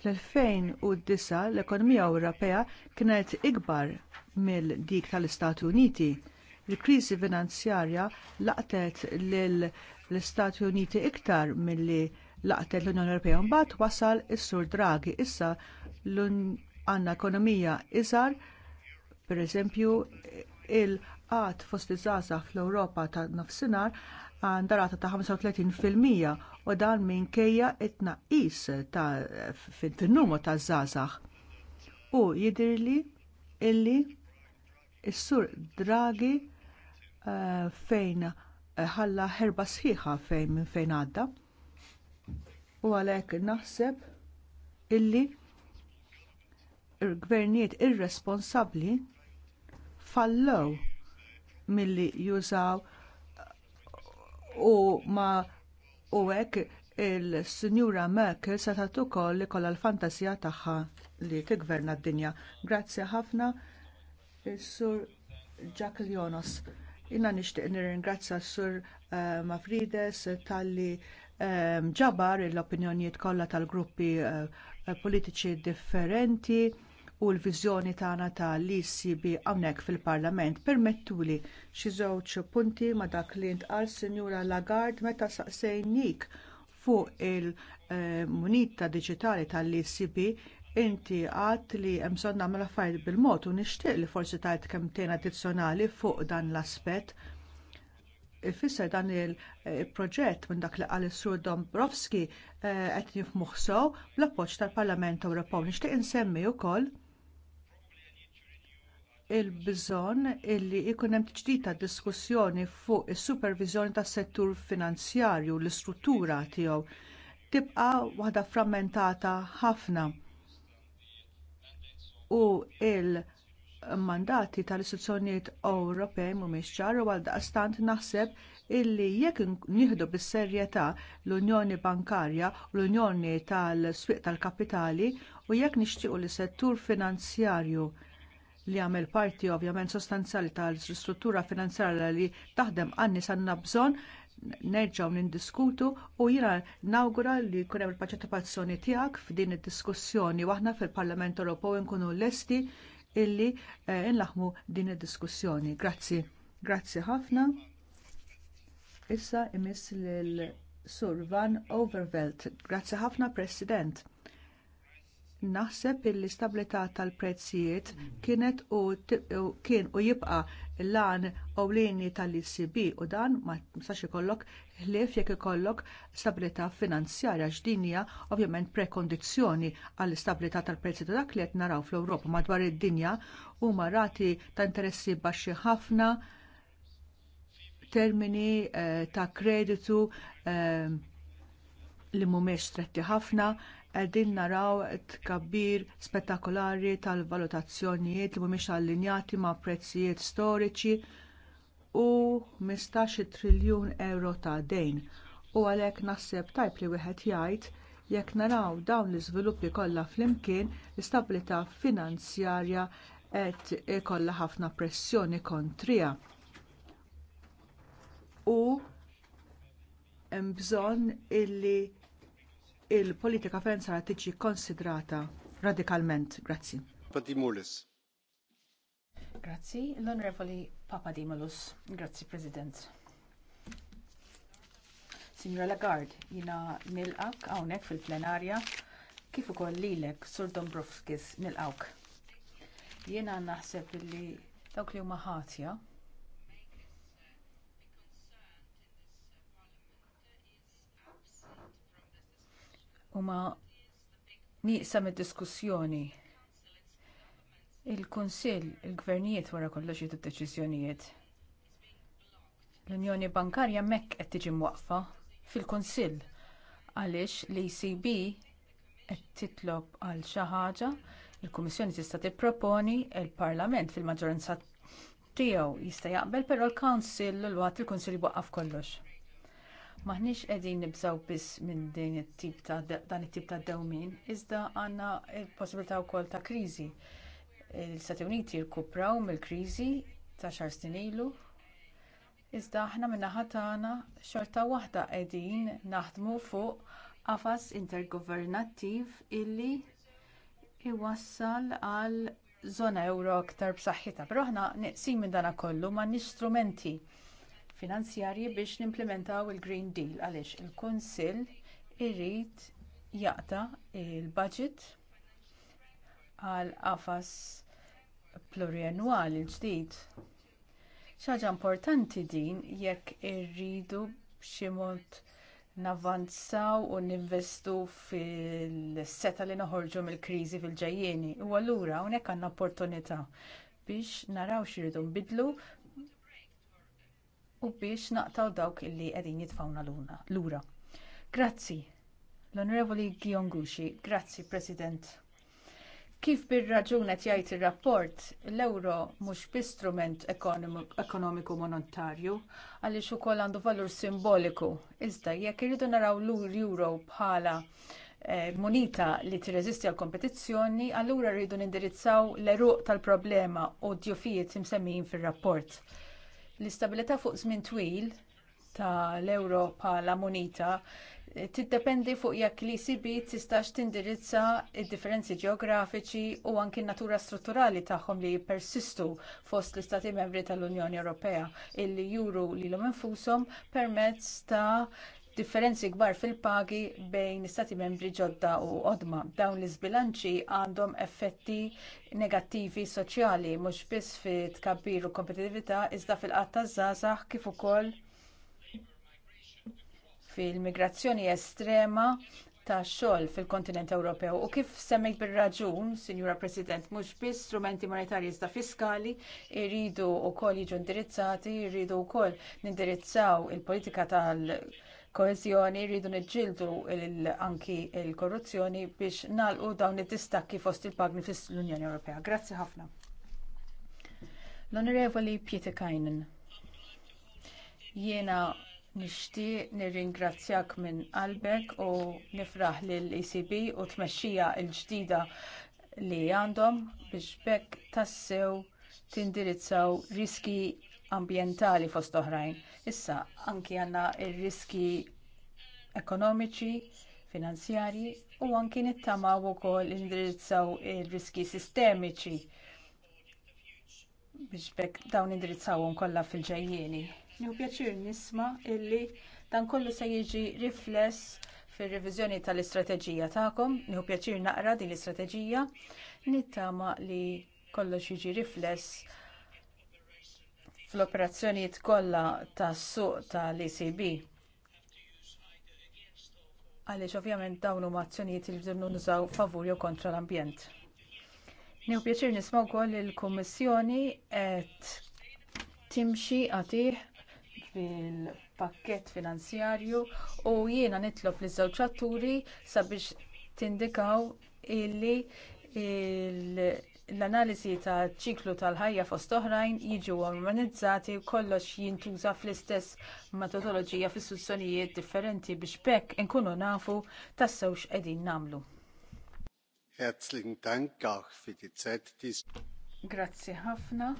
Fl-2009 l-ekonomija Ewropea kienet ikbar mill-dik tal-Istati Uniti. Il-kriżi finanzjarja laqtet lill-Istati Uniti iktar milli laqtet l-Unjoni Ewropea mbagħad wasal is-Sur Draghi issa għandna ekonomija iżgħar pereżempju il-qatt fost iż-żgħażagħ fl-Ewropa ta' nofsinhar għandha rata ta' 35% u dan minkejja it tnaqqis ta' fin-numru ta' żgħażagħ. U jidhirli illi s-sur Draghi uh, fejn ħalla uh, herba sħiħa fejn minn fejn għadda. U għalhekk naħseb illi il-gvernijiet irresponsabbli fallew milli jużaw u ma' u hekk il-Sinjura Merkel se tagħtu ukoll ikollha l-fantasija tagħha li tigverna d-dinja. Grazzi ħafna is-Sur Jack Lionos. Inna nixtieq nirringrazzja s-Sur eh, Mavrides talli eh, ġabar l-opinjonijiet kollha tal-gruppi eh, politiċi differenti u l-viżjoni tagħna ta' li sibi hawnhekk fil-Parlament permettuli xi żewġ punti ma' dak li ntqal Sinjura Lagarde meta saqsejnik fuq il-munita diġitali tal-ECB inti għadt li hemm bżonn nagħmel affarijiet bil-mod u nixtieq li forsi tajt kemmtejn addizzjonali fuq dan l-aspett. Ifisser dan il-proġett minn dak li qal is-Sur Dombrovski eh, qed jifmuħsow bl-appoġġ tal-Parlament Ewropew. Nixtieq insemmi wkoll il-bżonn illi jkun hemm ġdida diskussjoni fuq is-superviżjoni tas-settur finanzjarju l-istruttura tiegħu tibqa' waħda frammentata ħafna u l mandati tal-istituzzjonijiet Ewropej mhumiex ċar għal għaldaqstant naħseb illi jekk nieħdu bis-serjetà l-Unjoni Bankarja u l-Unjoni tal-Swieq tal-Kapitali u jekk nixtiequ li settur finanzjarju li għamel parti ovvjament sostanzjali tal-struttura finanzjarja li taħdem għanni sanna bżonn nerġaw nindiskutu u jina nawgura li kunem hemm il-parċipazzjoni tiegħek f'din id-diskussjoni waħna fil-Parlament Ewropew nkunu lesti illi eh, nlaħmu din id-diskussjoni. Grazzi. Grazzi ħafna. Issa imiss lil Sur Van Overveld. Grazzi ħafna President. Naħseb il-istabilità tal-prezzijiet kienet u kien u jibqa lan ewlieni tal-ECB u dan ma sax ikollok ħlief jekk ikollok stabilità finanzjarja x'dinja ovvjament prekondizzjoni għall istabilità tal-prezzijiet u dak li qed naraw fl-Ewropa madwar id-dinja huma rati ta' interessi baxxi ħafna termini eh, ta' kreditu eh, li mhumiex stretti ħafna qegħdin naraw tkabbir spettakolari tal-valutazzjonijiet li mhumiex allinjati ma' prezzijiet storiċi u 15 triljun euro ta' dejn. U għalhekk naħseb tajb li wieħed jgħid jekk naraw dawn l-iżviluppi kollha flimkien, l-istabilità finanzjarja qed ikollha ħafna pressjoni kontrija. U hemm bżonn illi il-politika fensara tiġi konsidrata radikalment. Grazzi. Papadimoulis. Grazzi, l-Onorevoli Papadimulus. Grazzi, President. Signora Lagarde, jina nilqak hawnhekk fil-plenarja kif ukoll lilek Sur Dombrovskis nilqawk. Jiena naħseb li dawk li huma ħatja ma nieqsa mid-diskussjoni. Il-Kunsill, il-Gvernijiet wara kollox jieħdu deċiżjonijiet. L-Unjoni Bankarja mekk qed tiġi mwaqfa fil-Kunsill għaliex l-ECB qed titlob għal xi ħaġa, il-Kummissjoni tista' tipproponi il-Parlament fil-maġġoranza tiegħu jista' jaqbel però l-Council l-waqt il-Kunsill jwaqqaf kollox. Maħniex qegħdin nibżgħu biss minn din it-tip ta' dan it-tip ta' dewmin, iżda għandna l-possibilità wkoll ta' kriżi. Il-Stati Uniti rkupraw mill-kriżi ta' xar snin ilu. Iżda aħna min-naħa tagħna xorta waħda qegħdin naħdmu fuq qafas intergovernattiv illi iwassal għal żona ewro aktar b'saħħitha. Però aħna neqsin minn dana kollu ma' strumenti finanzjarji biex nimplementaw il-Green Deal għaliex il-Kunsill irid jaqta l budget għal qafas l ġdid. ħaġa importanti din jekk irridu b'xi mod navvanzaw u ninvestu fil-seta li noħorġu mill-kriżi fil-ġejjeni. U allura hawnhekk għandna opportunità biex naraw xirridu nbidlu u biex naqtaw dawk illi qegħdin jitfawna lura. Grazzi. L-Onorevoli Gion grazzi President. Kif bir-raġun qed jgħid ir-rapport, l-ewro mhux bi-strument ekonomiku monetarju għaliex ukoll għandu valur simboliku. Iżda jekk iridu naraw l-euro bħala eh, moneta li tirreżisti għal kompetizzjoni, allura rridu nindirizzaw l-eruq tal-problema u d-djufijiet imsemmijin fir-rapport. L-istabilità fuq żmien twil tal-euro bħala moneta eh, tiddependi fuq jekk li sibi tistax tindirizza id-differenzi ġeografiċi u anki natura strutturali tagħhom li jippersistu fost l-Istati Membri tal-Unjoni Ewropea illi juru lilhom infushom permezz ta' differenzi kbar fil-pagi bejn stati membri ġodda u qodma. Dawn l-iżbilanċi għandhom effetti negattivi soċjali mhux biss fi tkabbir u kompetitività iżda fil-qatt taż-żgħażagħ kif ukoll fil-migrazzjoni estrema tax xogħol fil-kontinent Ewropew u kif semmejt bir-raġun, Sinjura President, mhux biss strumenti monetarji iżda fiskali jridu wkoll jiġu indirizzati, jridu wkoll nindirizzaw il-politika tal- koeżjoni rridu niġġieldu anki l korruzzjoni biex nagħlqu dawn id-distakki fost il-pagni fl-Unjoni Ewropea. Grazzi ħafna. L-Onorevoli Pieti Kajnen. Jiena nixtieq nirringrazzjak minn qalbek u nifraħ lill ecb u tmexxija l-ġdida li għandhom biex bekk tassew tindirizzaw riski ambjentali fost oħrajn. Issa, anki għandna r-riski ekonomiċi, finanzjarji u anki nittamaw ukoll indirizzaw ir-riski sistemiċi biex bekk dawn nindirizzawhom kollha fil-ġejjieni. Nieħu pjaċir nisma' illi dan kollu se jiġi rifless fir-reviżjoni tal-istrateġija tagħkom, nieħu pjaċir naqra din l-istrateġija, nittama li kollox jiġi rifless fl-operazzjonijiet kollha tas-suq tal-ECB. Għaliex ovvjament dawn huma azzjonijiet li bżonn nużaw favur jew kontra l-ambjent. Nieħu pjaċir nisma' wkoll li l-Kummissjoni qed timxi għatih fil-pakkett finanzjarju u jiena nitlob li żewġ atturi sabiex tindikaw illi il l-analiżi ta' ċiklu tal-ħajja fost oħrajn jiġu organizzati u kollox jintuża fl-istess metodoloġija fis sussonijiet differenti biex bekk inkunu nafu tassewx qegħdin nagħmlu. Herzlichen Dank auch für die Zeit Grazzi ħafna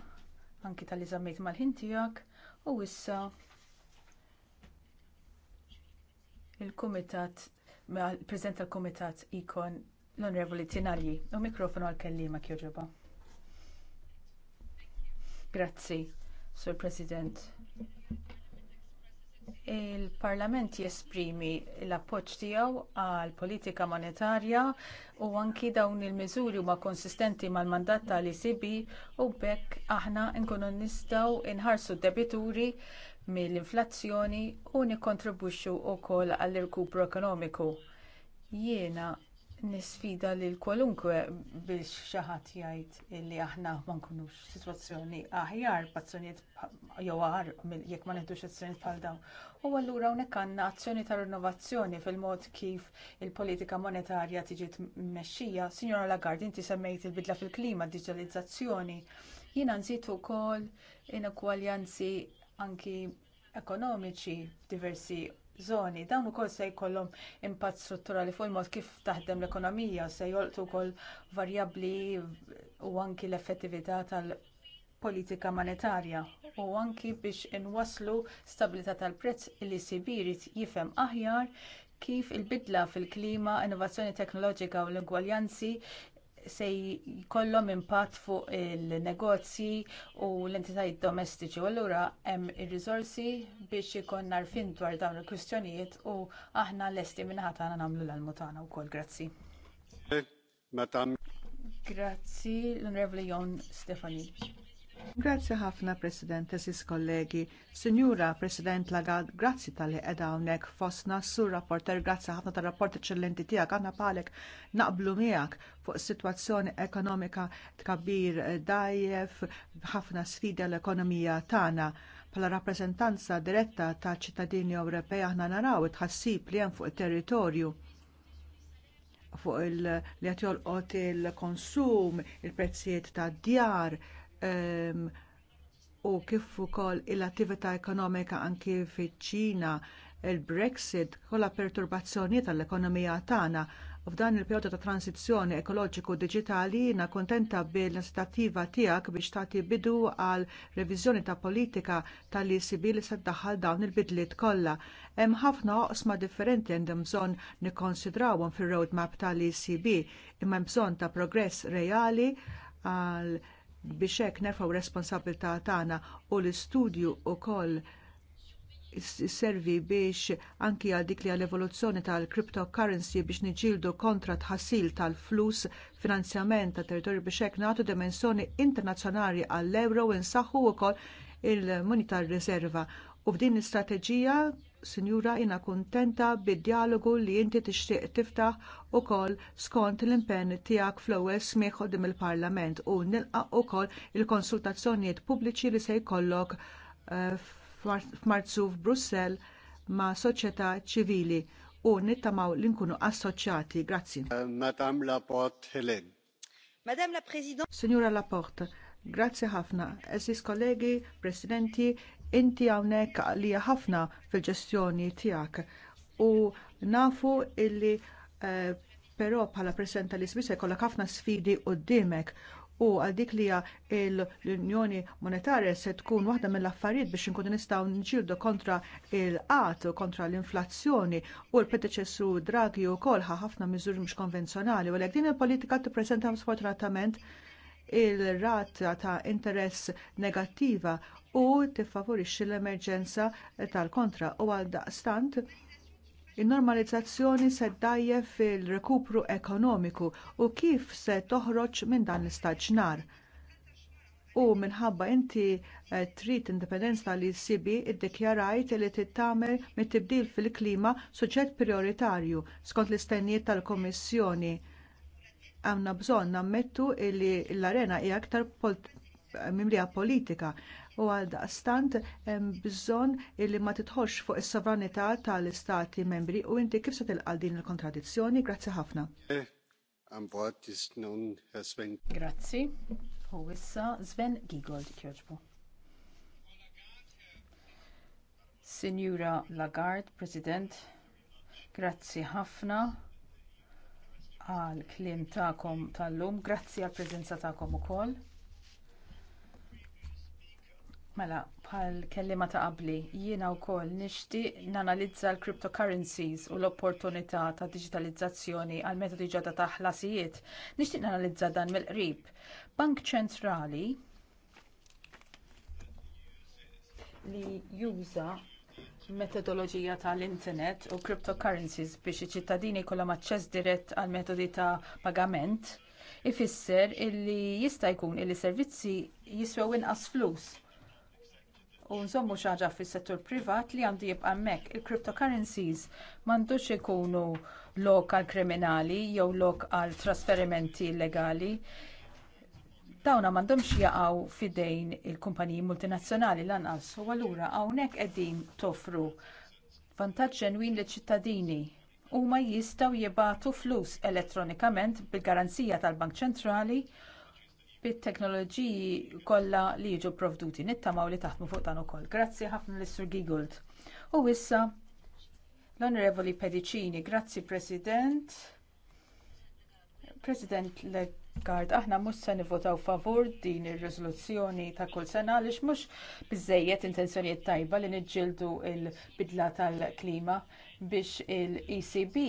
anki tal iżammejt mal-ħin tiegħek u issa il-kumitat il-President tal-Kumitat ikon L-Onorevoli Tinalji, u mikrofonu għal-kellima kjoġoba. Grazzi, Sur President. Il-Parlament jesprimi l-appoġġ tiegħu għall politika monetarja u anki dawn il-miżuri huma konsistenti mal-mandat tal-ECB u bekk aħna nkunu nistgħu nħarsu debituri mill-inflazzjoni u nikkontribwixxu wkoll għall-irkupru ekonomiku. Jiena nisfida lil kwalunkwe biex xi ħadd jgħid li aħna ma nkunux sitwazzjoni aħjar b'azzjonijiet jew aħar jekk ma neħdux azzjonijiet bħal dawn. U allura hawnhekk għandna azzjoni ta' rinnovazzjoni fil-mod kif il-politika monetarja tiġi mmexxija. Signora Lagarde, inti semmejt il-bidla fil-klima, digitalizzazzjoni. Jiena nżid ukoll inegwaljanzi anki ekonomiċi diversi żoni. Dawn ukoll se jkollhom impatt strutturali fuq il-mod kif taħdem l-ekonomija, se jolqtu wkoll varjabbli u anki l-effettività tal-politika monetarja u anki biex inwasslu stabilità tal-prezz li sibir jifhem aħjar kif il-bidla fil-klima, innovazzjoni teknoloġika u l-ingwaljanzi se jkollhom impatt fuq il-negozji u l-entitajiet domestiċi. U allura hemm ir-riżorsi biex ikun narfin dwar dawn il-kwistjonijiet u aħna lesti minnaħat għana nagħmlu l-almu tagħna wkoll. Grazzi. Eh, Grazzi l-Onorevoli Jon Stefani. Grazzi ħafna, President, eżis kollegi. Signora, President Lagad, grazzi tal-li edha unek fosna sur rapporter, grazzi ħafna tal-rapport eccellenti tijak, għanna palek naqblu miegħek fuq situazzjoni ekonomika tkabbir dajjef, ħafna sfida l-ekonomija tagħna Pala rappreżentanza diretta ta' ċittadini Ewropej aħna naraw tħassib li hemm fuq it territorju fuq il-li qed jolqot il-konsum, il-prezzijiet tad djar, um, u kif ukoll il-attività ekonomika anki fiċ-Ċina, il-Brexit, kollha perturbazzjonijiet tal-ekonomija tagħna. F'dan il-perjodu ta' transizzjoni ekoloġiku diġitali jiena kuntenta bil-instattiva tiegħek biex tagħti bidu għal reviżjoni ta' politika tal-ECB li se ddaħħal dawn il-bidliet kollha. Hemm ħafna oqsma differenti għandhom bżonn nikkonsidrawhom fir-roadmap tal-ECB imma hemm bżonn ta' progress reali għal biex hekk nerfgħu responsabilità tagħna u l-istudju wkoll servi biex anki għal dik li għal evoluzzjoni tal-cryptocurrency biex niġildu kontra tħassil tal-flus finanzjament ta' territorju biex hekk nagħtu dimensjoni internazzjonali għall-euro u nsaħħu wkoll il monetar riserva. U f'din l-istrateġija Sinjura jina kuntenta bid-dialogu li inti tixtieq tiftaħ ukoll skont l-impenn tiegħek fl-ewwel smieħ il-Parlament u nilqa' ukoll il-konsultazzjonijiet pubbliċi li se jkollok eh, f'Marzu f'Brussell ma' soċjetà ċivili u nittamaw li nkunu assoċjati. Grazzi. Eh, Madam Laporte Helen. la Signora Laporte, grazzi ħafna. Eżis kollegi, presidenti, Inti hawnhekk għalija ħafna fil-ġestjoni tiegħek u nafu illi eh, però bħala President tal-Isbis jkollok ħafna sfidi quddiemek u għal dik li l-Unjoni Monetarja se tkun waħda mill-affarijiet biex inkunu nistgħu nġildu kontra il-qat, kontra l-inflazzjoni u l-predeċessu Draghi wkoll ħa ħafna miżuri mhux konvenzjonali u għalhekk din il-politika tippreżenta sfortunatament il-rata ta' interess negattiva u tiffavorixxi l-emerġenza tal-kontra u għaldaqstant in normalizzazzjoni se ddajjef fil-rekupru ekonomiku u kif se toħroġ minn dan l-istaġnar u minħabba inti eh, trid indipendenza tal sibi iddikjarajt li tittamel mit-tibdil fil-klima suġġett prioritarju skont l-istennijiet tal-Kommissjoni għamna bżonn nammettu li l-arena hija aktar mimlija politika u għaldaqstant hemm bżonn illi ma titħolx fuq is-sovranità tal-istati membri u inti kif se tilqal din il-kontradizzjoni? Grazzi ħafna. Grazzi. U issa Sven Giegold kjoġbu. Signora Lagarde, President, grazzi ħafna għal kliem tagħkom tal-lum. Grazzi għall preżenza tagħkom ukoll. Mela, bħal kelliema ta' qabli, jiena wkoll nixtieq nanalizza l-cryptocurrencies u l-opportunità ta' digitalizzazzjoni għal metodi ġodda ta' ħlasijiet. Nixtieq nanalizza dan mill-qrib. Bank ċentrali li juża metodoloġija tal-internet u cryptocurrencies biex iċ-ċittadini jkollhom aċċess dirett għal metodi ta' pagament ifisser illi jista' jkun illi servizzi jiswew inqas flus. U nżommu xi ħaġa fis-settur privat li għandu jibqa' hemmhekk. Il-cryptocurrencies m'għandux ikunu lok għal kriminali jew lok għal trasferimenti illegali dawna m'għandhomx jaqgħu fidejn il-kumpaniji multinazzjonali lanqas u allura hawnhekk qegħdin toffru vantaġġ ġenwin liċ ċittadini huma jistgħu jibagħtu flus elettronikament bil-garanzija tal-Bank Ċentrali bit-teknoloġiji kollha li jiġu pprovduti nittamaw li taħdmu fuq dan ukoll. Grazzi ħafna lis sur Giegold. U issa l-Onorevoli Pedicini, grazzi President. President Le Gard, aħna mhux se nivvotaw favur din ir-riżoluzzjoni ta' kull sena għaliex mhux biżżejjed intenzjonijiet tajba li niġġieldu l bidla tal-klima biex il-ECB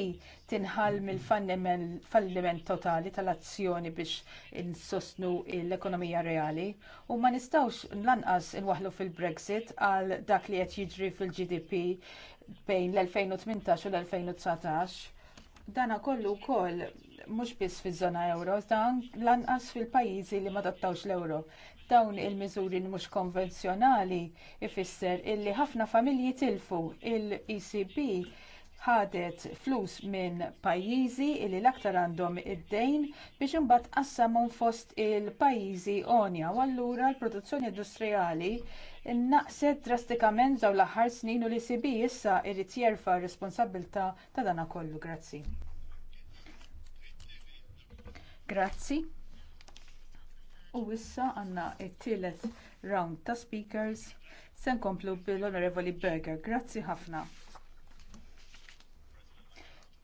tinħal mill-falliment totali tal-azzjoni biex insostnu l-ekonomija reali u ma nistgħux lanqas inwaħħlu fil-Brexit għal dak li qed jiġri fil-GDP bejn l-2018 u l-2019 dana kollu wkoll mhux biss fiż-żona euro, dan lanqas fil-pajjiżi li ma adottawx l-euro. Dawn il-miżuri mhux konvenzjonali ifisser illi ħafna familji tilfu il-ECB ħadet flus minn pajjiżi li l-aktar għandhom id-dejn biex imbagħad qassamhom fost il-pajjiżi onja u allura l-produzzjoni industrijali naqset drastikament dawn l-aħħar snin u l ecb issa jrid jerfa' r-responsabbilta ta' dana kollu. Grazzi. Grazzi. U issa għandna t tielet round ta' speakers. Se nkomplu bil-Onorevoli Berger. Grazzi ħafna.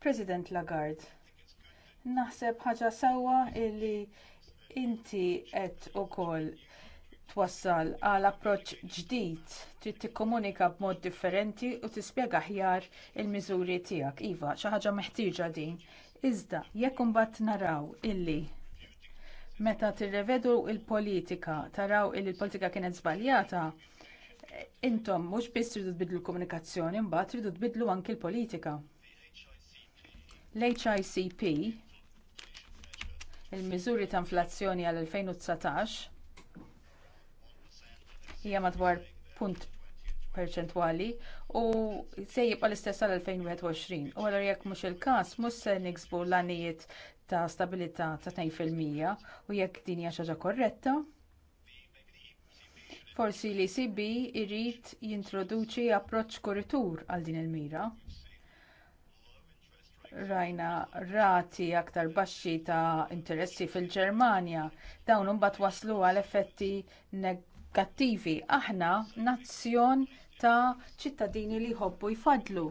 President Lagarde, naħseb ħaġa sewwa illi inti qed ukoll twassal għal approċċ ġdid trid tikkomunika b'mod differenti u tispjega aħjar il-miżuri tiegħek. Iva, xi ħaġa meħtieġa din. Iżda, jekk imbagħad naraw illi meta tirrevedu l politika taraw illi l-politika kienet żbaljata, intom mhux biss tridu tbidlu l-komunikazzjoni, mbagħad tridu tbidlu anki l-politika. L-HICP, il-miżuri ta' inflazzjoni għal 2019, hija madwar punt perċentwali u se jibqa l-istess għal-2021. U għallar jekk mhux il-każ mhux se niksbu l-għanijiet ta' stabilità ta' 2% u jekk din hija xi ħaġa korretta. Forsi li CB jrid jintroduċi approċċ kuritur għal din il-mira. Rajna rati aktar baxxi ta' interessi fil-Ġermanja dawn imbagħad waslu għal effetti negattivi. Aħna nazzjon ta' ċittadini li jħobbu jfadlu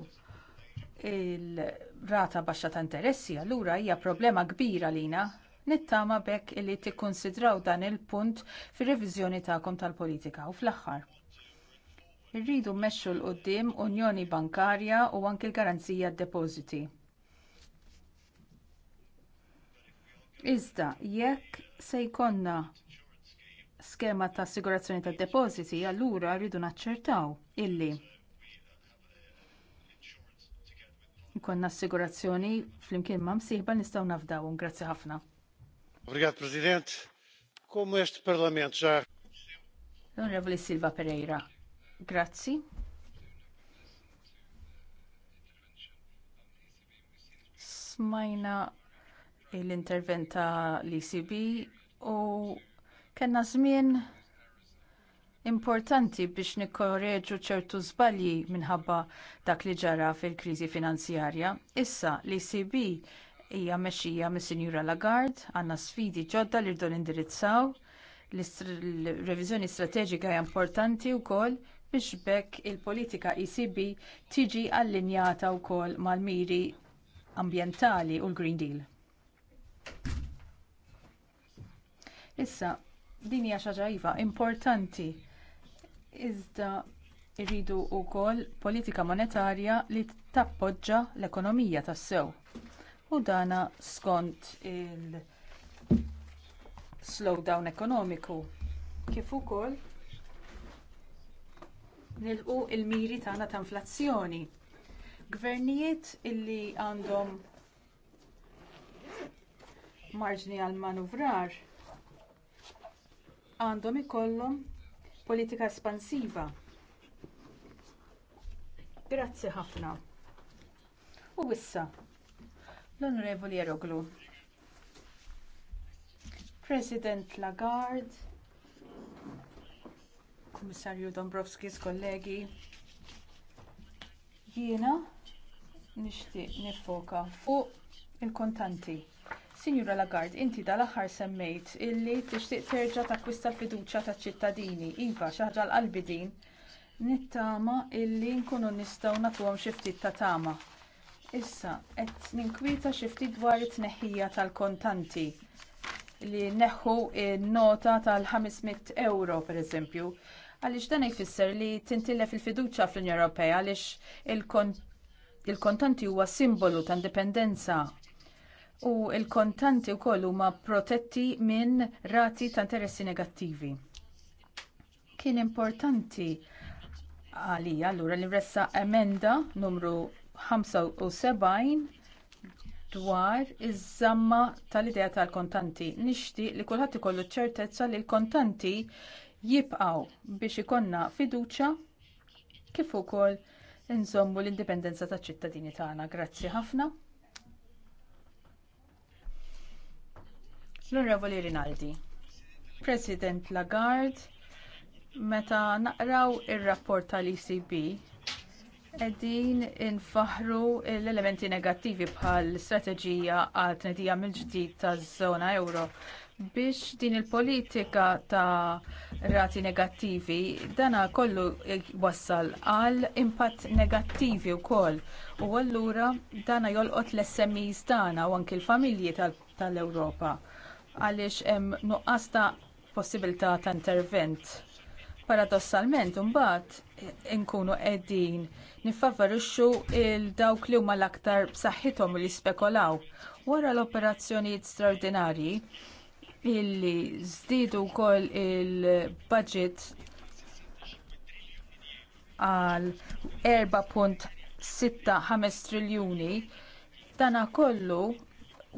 il-rata baxxa ta' interessi allura hija problema kbira lina nittama bekk illi tikkonsidraw dan il-punt fir-reviżjoni tagħkom tal-politika u fl-aħħar. Irridu mmexxu l qudiem Unjoni Bankarja u anke l-Garanzija d-Depożiti. Iżda jekk se jkollna skema ta' assigurazzjoni tad depositi, allura rridu naċċertaw illi Konna assigurazzjoni flimkien ma' msiħba nistgħu nafdaw. Grazzi ħafna. Obrigat, President. Komu est parlament ġa. Onorevoli Silva Pereira, grazzi. Smajna l-intervent ta' l-ECB u Kellna żmien importanti biex nikkorreġu ċertu żbalji minħabba dak li ġara fil-kriżi finanzjarja. Issa li CB hija mexxija mis-Sinjura Lagarde għandna sfidi ġodda li rdu indirizzaw l-reviżjoni strateġika hija importanti wkoll biex bekk il-politika ECB tiġi allinjata wkoll mal-miri ambjentali u l-Green Deal. Issa, din hija xi ħaġa iva importanti. Iżda irridu wkoll politika monetarja li tappoġġa l-ekonomija tas-sew. U dana skont il slowdown ekonomiku kif ukoll nilqu l miri tagħna ta' inflazzjoni. Gvernijiet illi għandhom marġni għal manuvrar għandhom ikollhom politika espansiva. Grazzi ħafna. U wissa. l-Onorevoli Eroglu. President Lagarde, Komissarju Dombrovskis, kollegi, jiena nixtieq nifoka fuq il-kontanti Sinjura Lagarde, inti dal-aħħar semmejt illi tixtieq terġa' takkwista l-fiduċja taċ-ċittadini. Iva, xi ħaġa l-qalbi din. Nittama illi nkunu nistgħu nagħtuhom xi ftit ta' tama. Issa, qed ninkwita xi ftit dwar it-tneħħija tal-kontanti li neħħu nota tal-500 euro pereżempju. Għaliex dan jfisser li tintilef il-fiduċja fl unjon Ewropea għaliex il-kontanti huwa simbolu ta' indipendenza u l kontanti wkoll huma protetti minn rati ta' interessi negattivi. Kien importanti għalija allura li ressa emenda numru 75 dwar iż-żamma tal-idea tal-kontanti. Nixtieq li kulħadd ikollu ċertezza li l-kontanti jibqgħu biex ikonna fiduċja kif ukoll inżommu l-indipendenza taċ-ċittadini tagħna. Grazzi ħafna. L-Onorevoli Rinaldi. President Lagarde, meta naqraw ir-rapport tal-ECB, Qegħdin infaħru l-elementi negattivi bħal strateġija għal tnedija mill-ġdid taż-żona euro biex din il-politika ta' rati negattivi dana kollu wassal għal impatt negattivi wkoll. u allura dana jolqot l-SMEs tagħna u anki l-familji tal-Ewropa. tal europa tal ewropa għaliex hemm nuqqas ta' possibilità ta' intervent. Paradossalment, imbagħad eh, inkunu qegħdin niffavorixxu il dawk li huma l-aktar b'saħħithom li spekolaw wara l-operazzjonijiet straordinarji illi żdiedu wkoll il-budget għal 4.65 triljuni dana kollu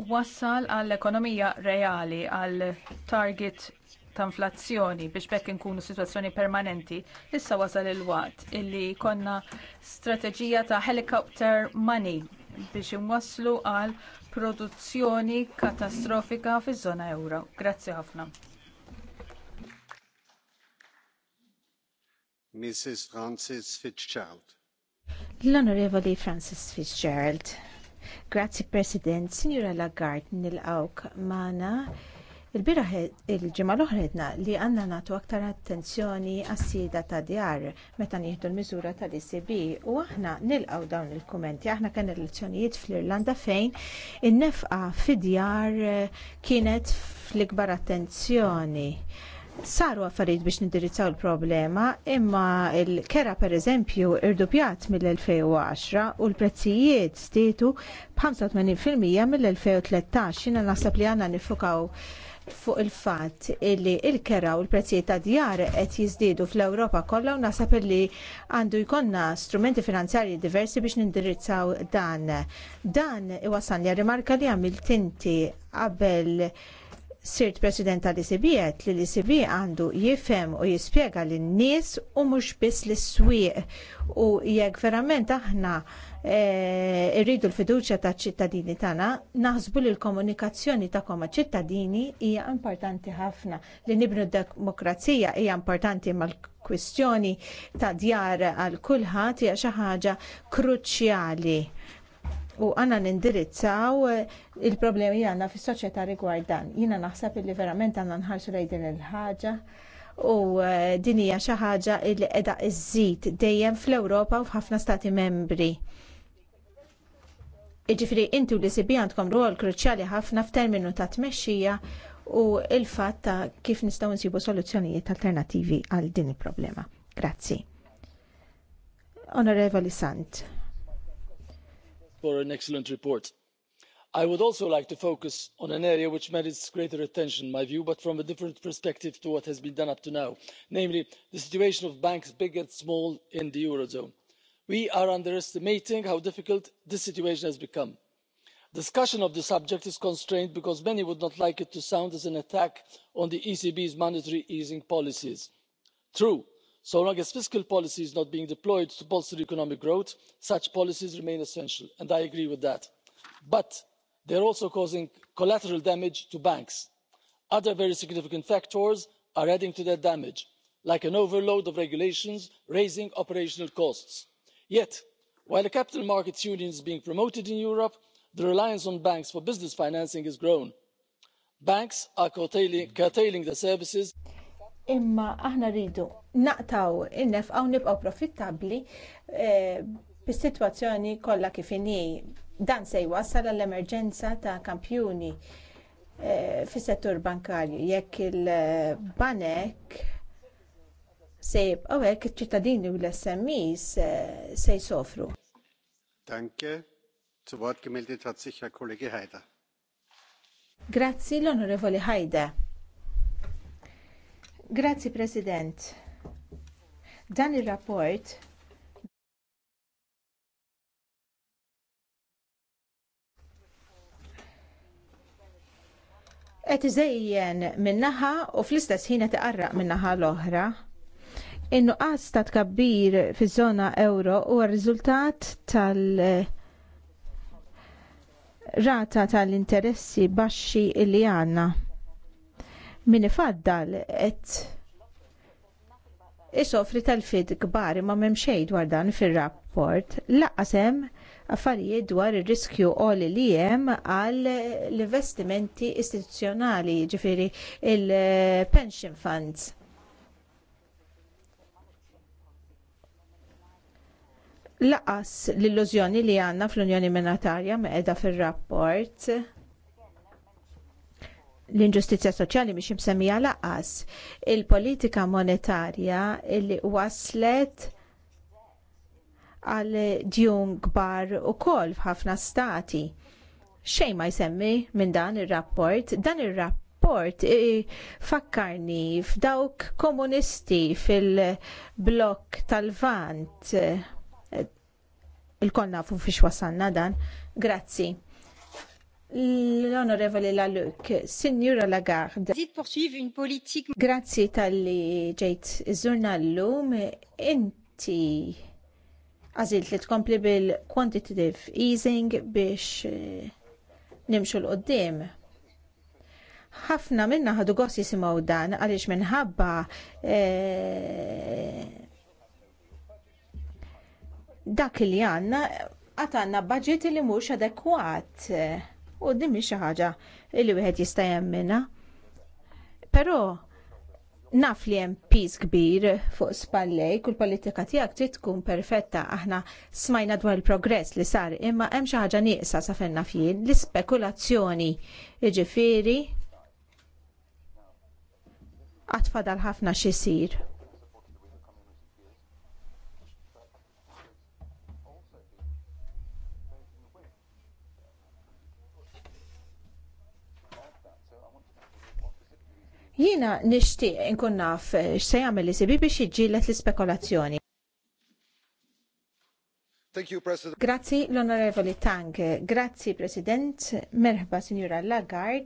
wassal għall-ekonomija reali, għall target ta' inflazzjoni biex bekk inkunu situazzjoni permanenti, issa wasal il-waqt illi konna strateġija ta' helicopter money biex inwasslu għal produzzjoni katastrofika fiż-żona euro. Grazzi ħafna. Mrs. Francis Fitzgerald. L-Onorevoli Francis Fitzgerald. Grazzi President, Signora Lagarde, nil-għawk maħna. Il-bira il-ġimma l-oħredna li għanna natu aktar attenzjoni għas-sida ta' djar meta nieħdu l-miżura tal-ECB u aħna nilqaw dawn il-kumenti. Aħna kien elezzjonijiet fl-Irlanda fejn in-nefqa fid-djar kienet fl-ikbar attenzjoni saru affarijiet biex nindirizzaw il-problema, imma il-kera per eżempju irdupjat mill-2010 u l-prezzijiet stietu b'85% mill-2013 jiena naħseb li għanna nifukaw fuq il-fatt illi il-kera u l-prezzijiet ta' djar qed jiżdiedu fl-Ewropa kollha u naħseb illi għandu jkollna strumenti finanzjarji diversi biex nindirizzaw dan. Dan iwasalni rimarka li għamilt inti qabel sirt president tal ICB li l-ICB għandu jifhem u jispjega lin nies u mhux biss l swieq u jekk verament aħna eh, rridu l-fiduċja taċ ċittadini tagħna, naħsbu li l-komunikazzjoni ta' koma ċittadini hija importanti ħafna li nibnu d demokrazija hija importanti mal-kwistjoni ta' djar għal kulħadd hija xi ħaġa kruċjali u għanna nindirizzaw eh, il-problemi għanna fis soċjetà rigward dan. Jina naħseb li verament għanna nħarsu lej din il-ħaġa u eh, din hija xi ħaġa li qiegħda żid dejjem fl-Ewropa u f'ħafna stati membri. Iġifri, intu li sibi għandkom rol kruċjali ħafna f'terminu ta' tmexxija u il-fatt ta' kif nistgħu nsibu soluzzjonijiet alternattivi għal din il-problema. Grazzi. Onorevoli Sant for an excellent report. i would also like to focus on an area which merits greater attention in my view but from a different perspective to what has been done up to now namely the situation of banks big and small in the eurozone. we are underestimating how difficult this situation has become. discussion of the subject is constrained because many would not like it to sound as an attack on the ecb's monetary easing policies. true so long as fiscal policy is not being deployed to bolster economic growth such policies remain essential and i agree with that but they are also causing collateral damage to banks. other very significant factors are adding to that damage like an overload of regulations raising operational costs. yet while a capital markets union is being promoted in europe the reliance on banks for business financing has grown. banks are curtailing their services imma aħna rridu naqtaw innefqaw nibqgħu profittabbli eh, bis-sitwazzjoni kollha kif inhi. Dan se jwassal għall-emerġenza ta' kampjuni eh, fis settur bankarju jekk il-banek se jibqgħu hekk iċ-ċittadini u l-SMEs eh, se jsofru. Danke. Zu Wort Grazzi l-Onorevoli ħajda. Grazzi President. Dan ir-rapport qed iżejjen min-naħa u fl-istess ħin qed iqarraq min-naħa l-oħra. In-nuqqas ta' tkabbir fiż-żona euro huwa riżultat tal- rata tal-interessi baxxi li għandna min ifaddal qed isofri tal-fid kbar imma m'hemm xejn dwar dan fir-rapport laqas hemm affarijiet dwar ir-riskju qol li hemm għal l-investimenti istituzzjonali, jiġifieri il-pension funds. Laqas l-illużjoni li għandna fl-Unjoni Monetarja meqeda fir-rapport l-inġustizja soċjali mhix msemmija laqas il-politika monetarja li waslet għal djun kbar ukoll f'ħafna stati. Xejn ma jsemmi minn dan ir-rapport, dan ir-rapport fakkarni f'dawk komunisti fil-blokk tal-vant. Il-konna fu fiex wasanna dan. Grazzi. L-Onorevoli Laluk, Signora Lagarde. Zid poursuivre une politique. Grazzi tal-li ġejt llum l-lum. Inti għazilt li tkompli bil-quantitative easing biex eh, nimxu l-qoddim ħafna minna ħadu gost jisimaw dan għaliex minħabba e, dak il-janna għatanna budget li mhux adekwat u din mhix xi ħaġa li wieħed jista' jemmina. Però naf li hemm pis kbir fuq spallej kull politika tiegħek trid tkun perfetta aħna smajna dwar il-progress li sar imma hemm xi ħaġa nieqsa sa fenna naf jien l-ispekulazzjoni jiġifieri għatfadal ħafna xisir. Jiena nixtieq inkun naf x'se jagħmel li sibi biex jiġġielet l-ispekulazzjoni. Grazzi l-Onorevoli Tang. Grazzi President. Merħba Signora Lagarde.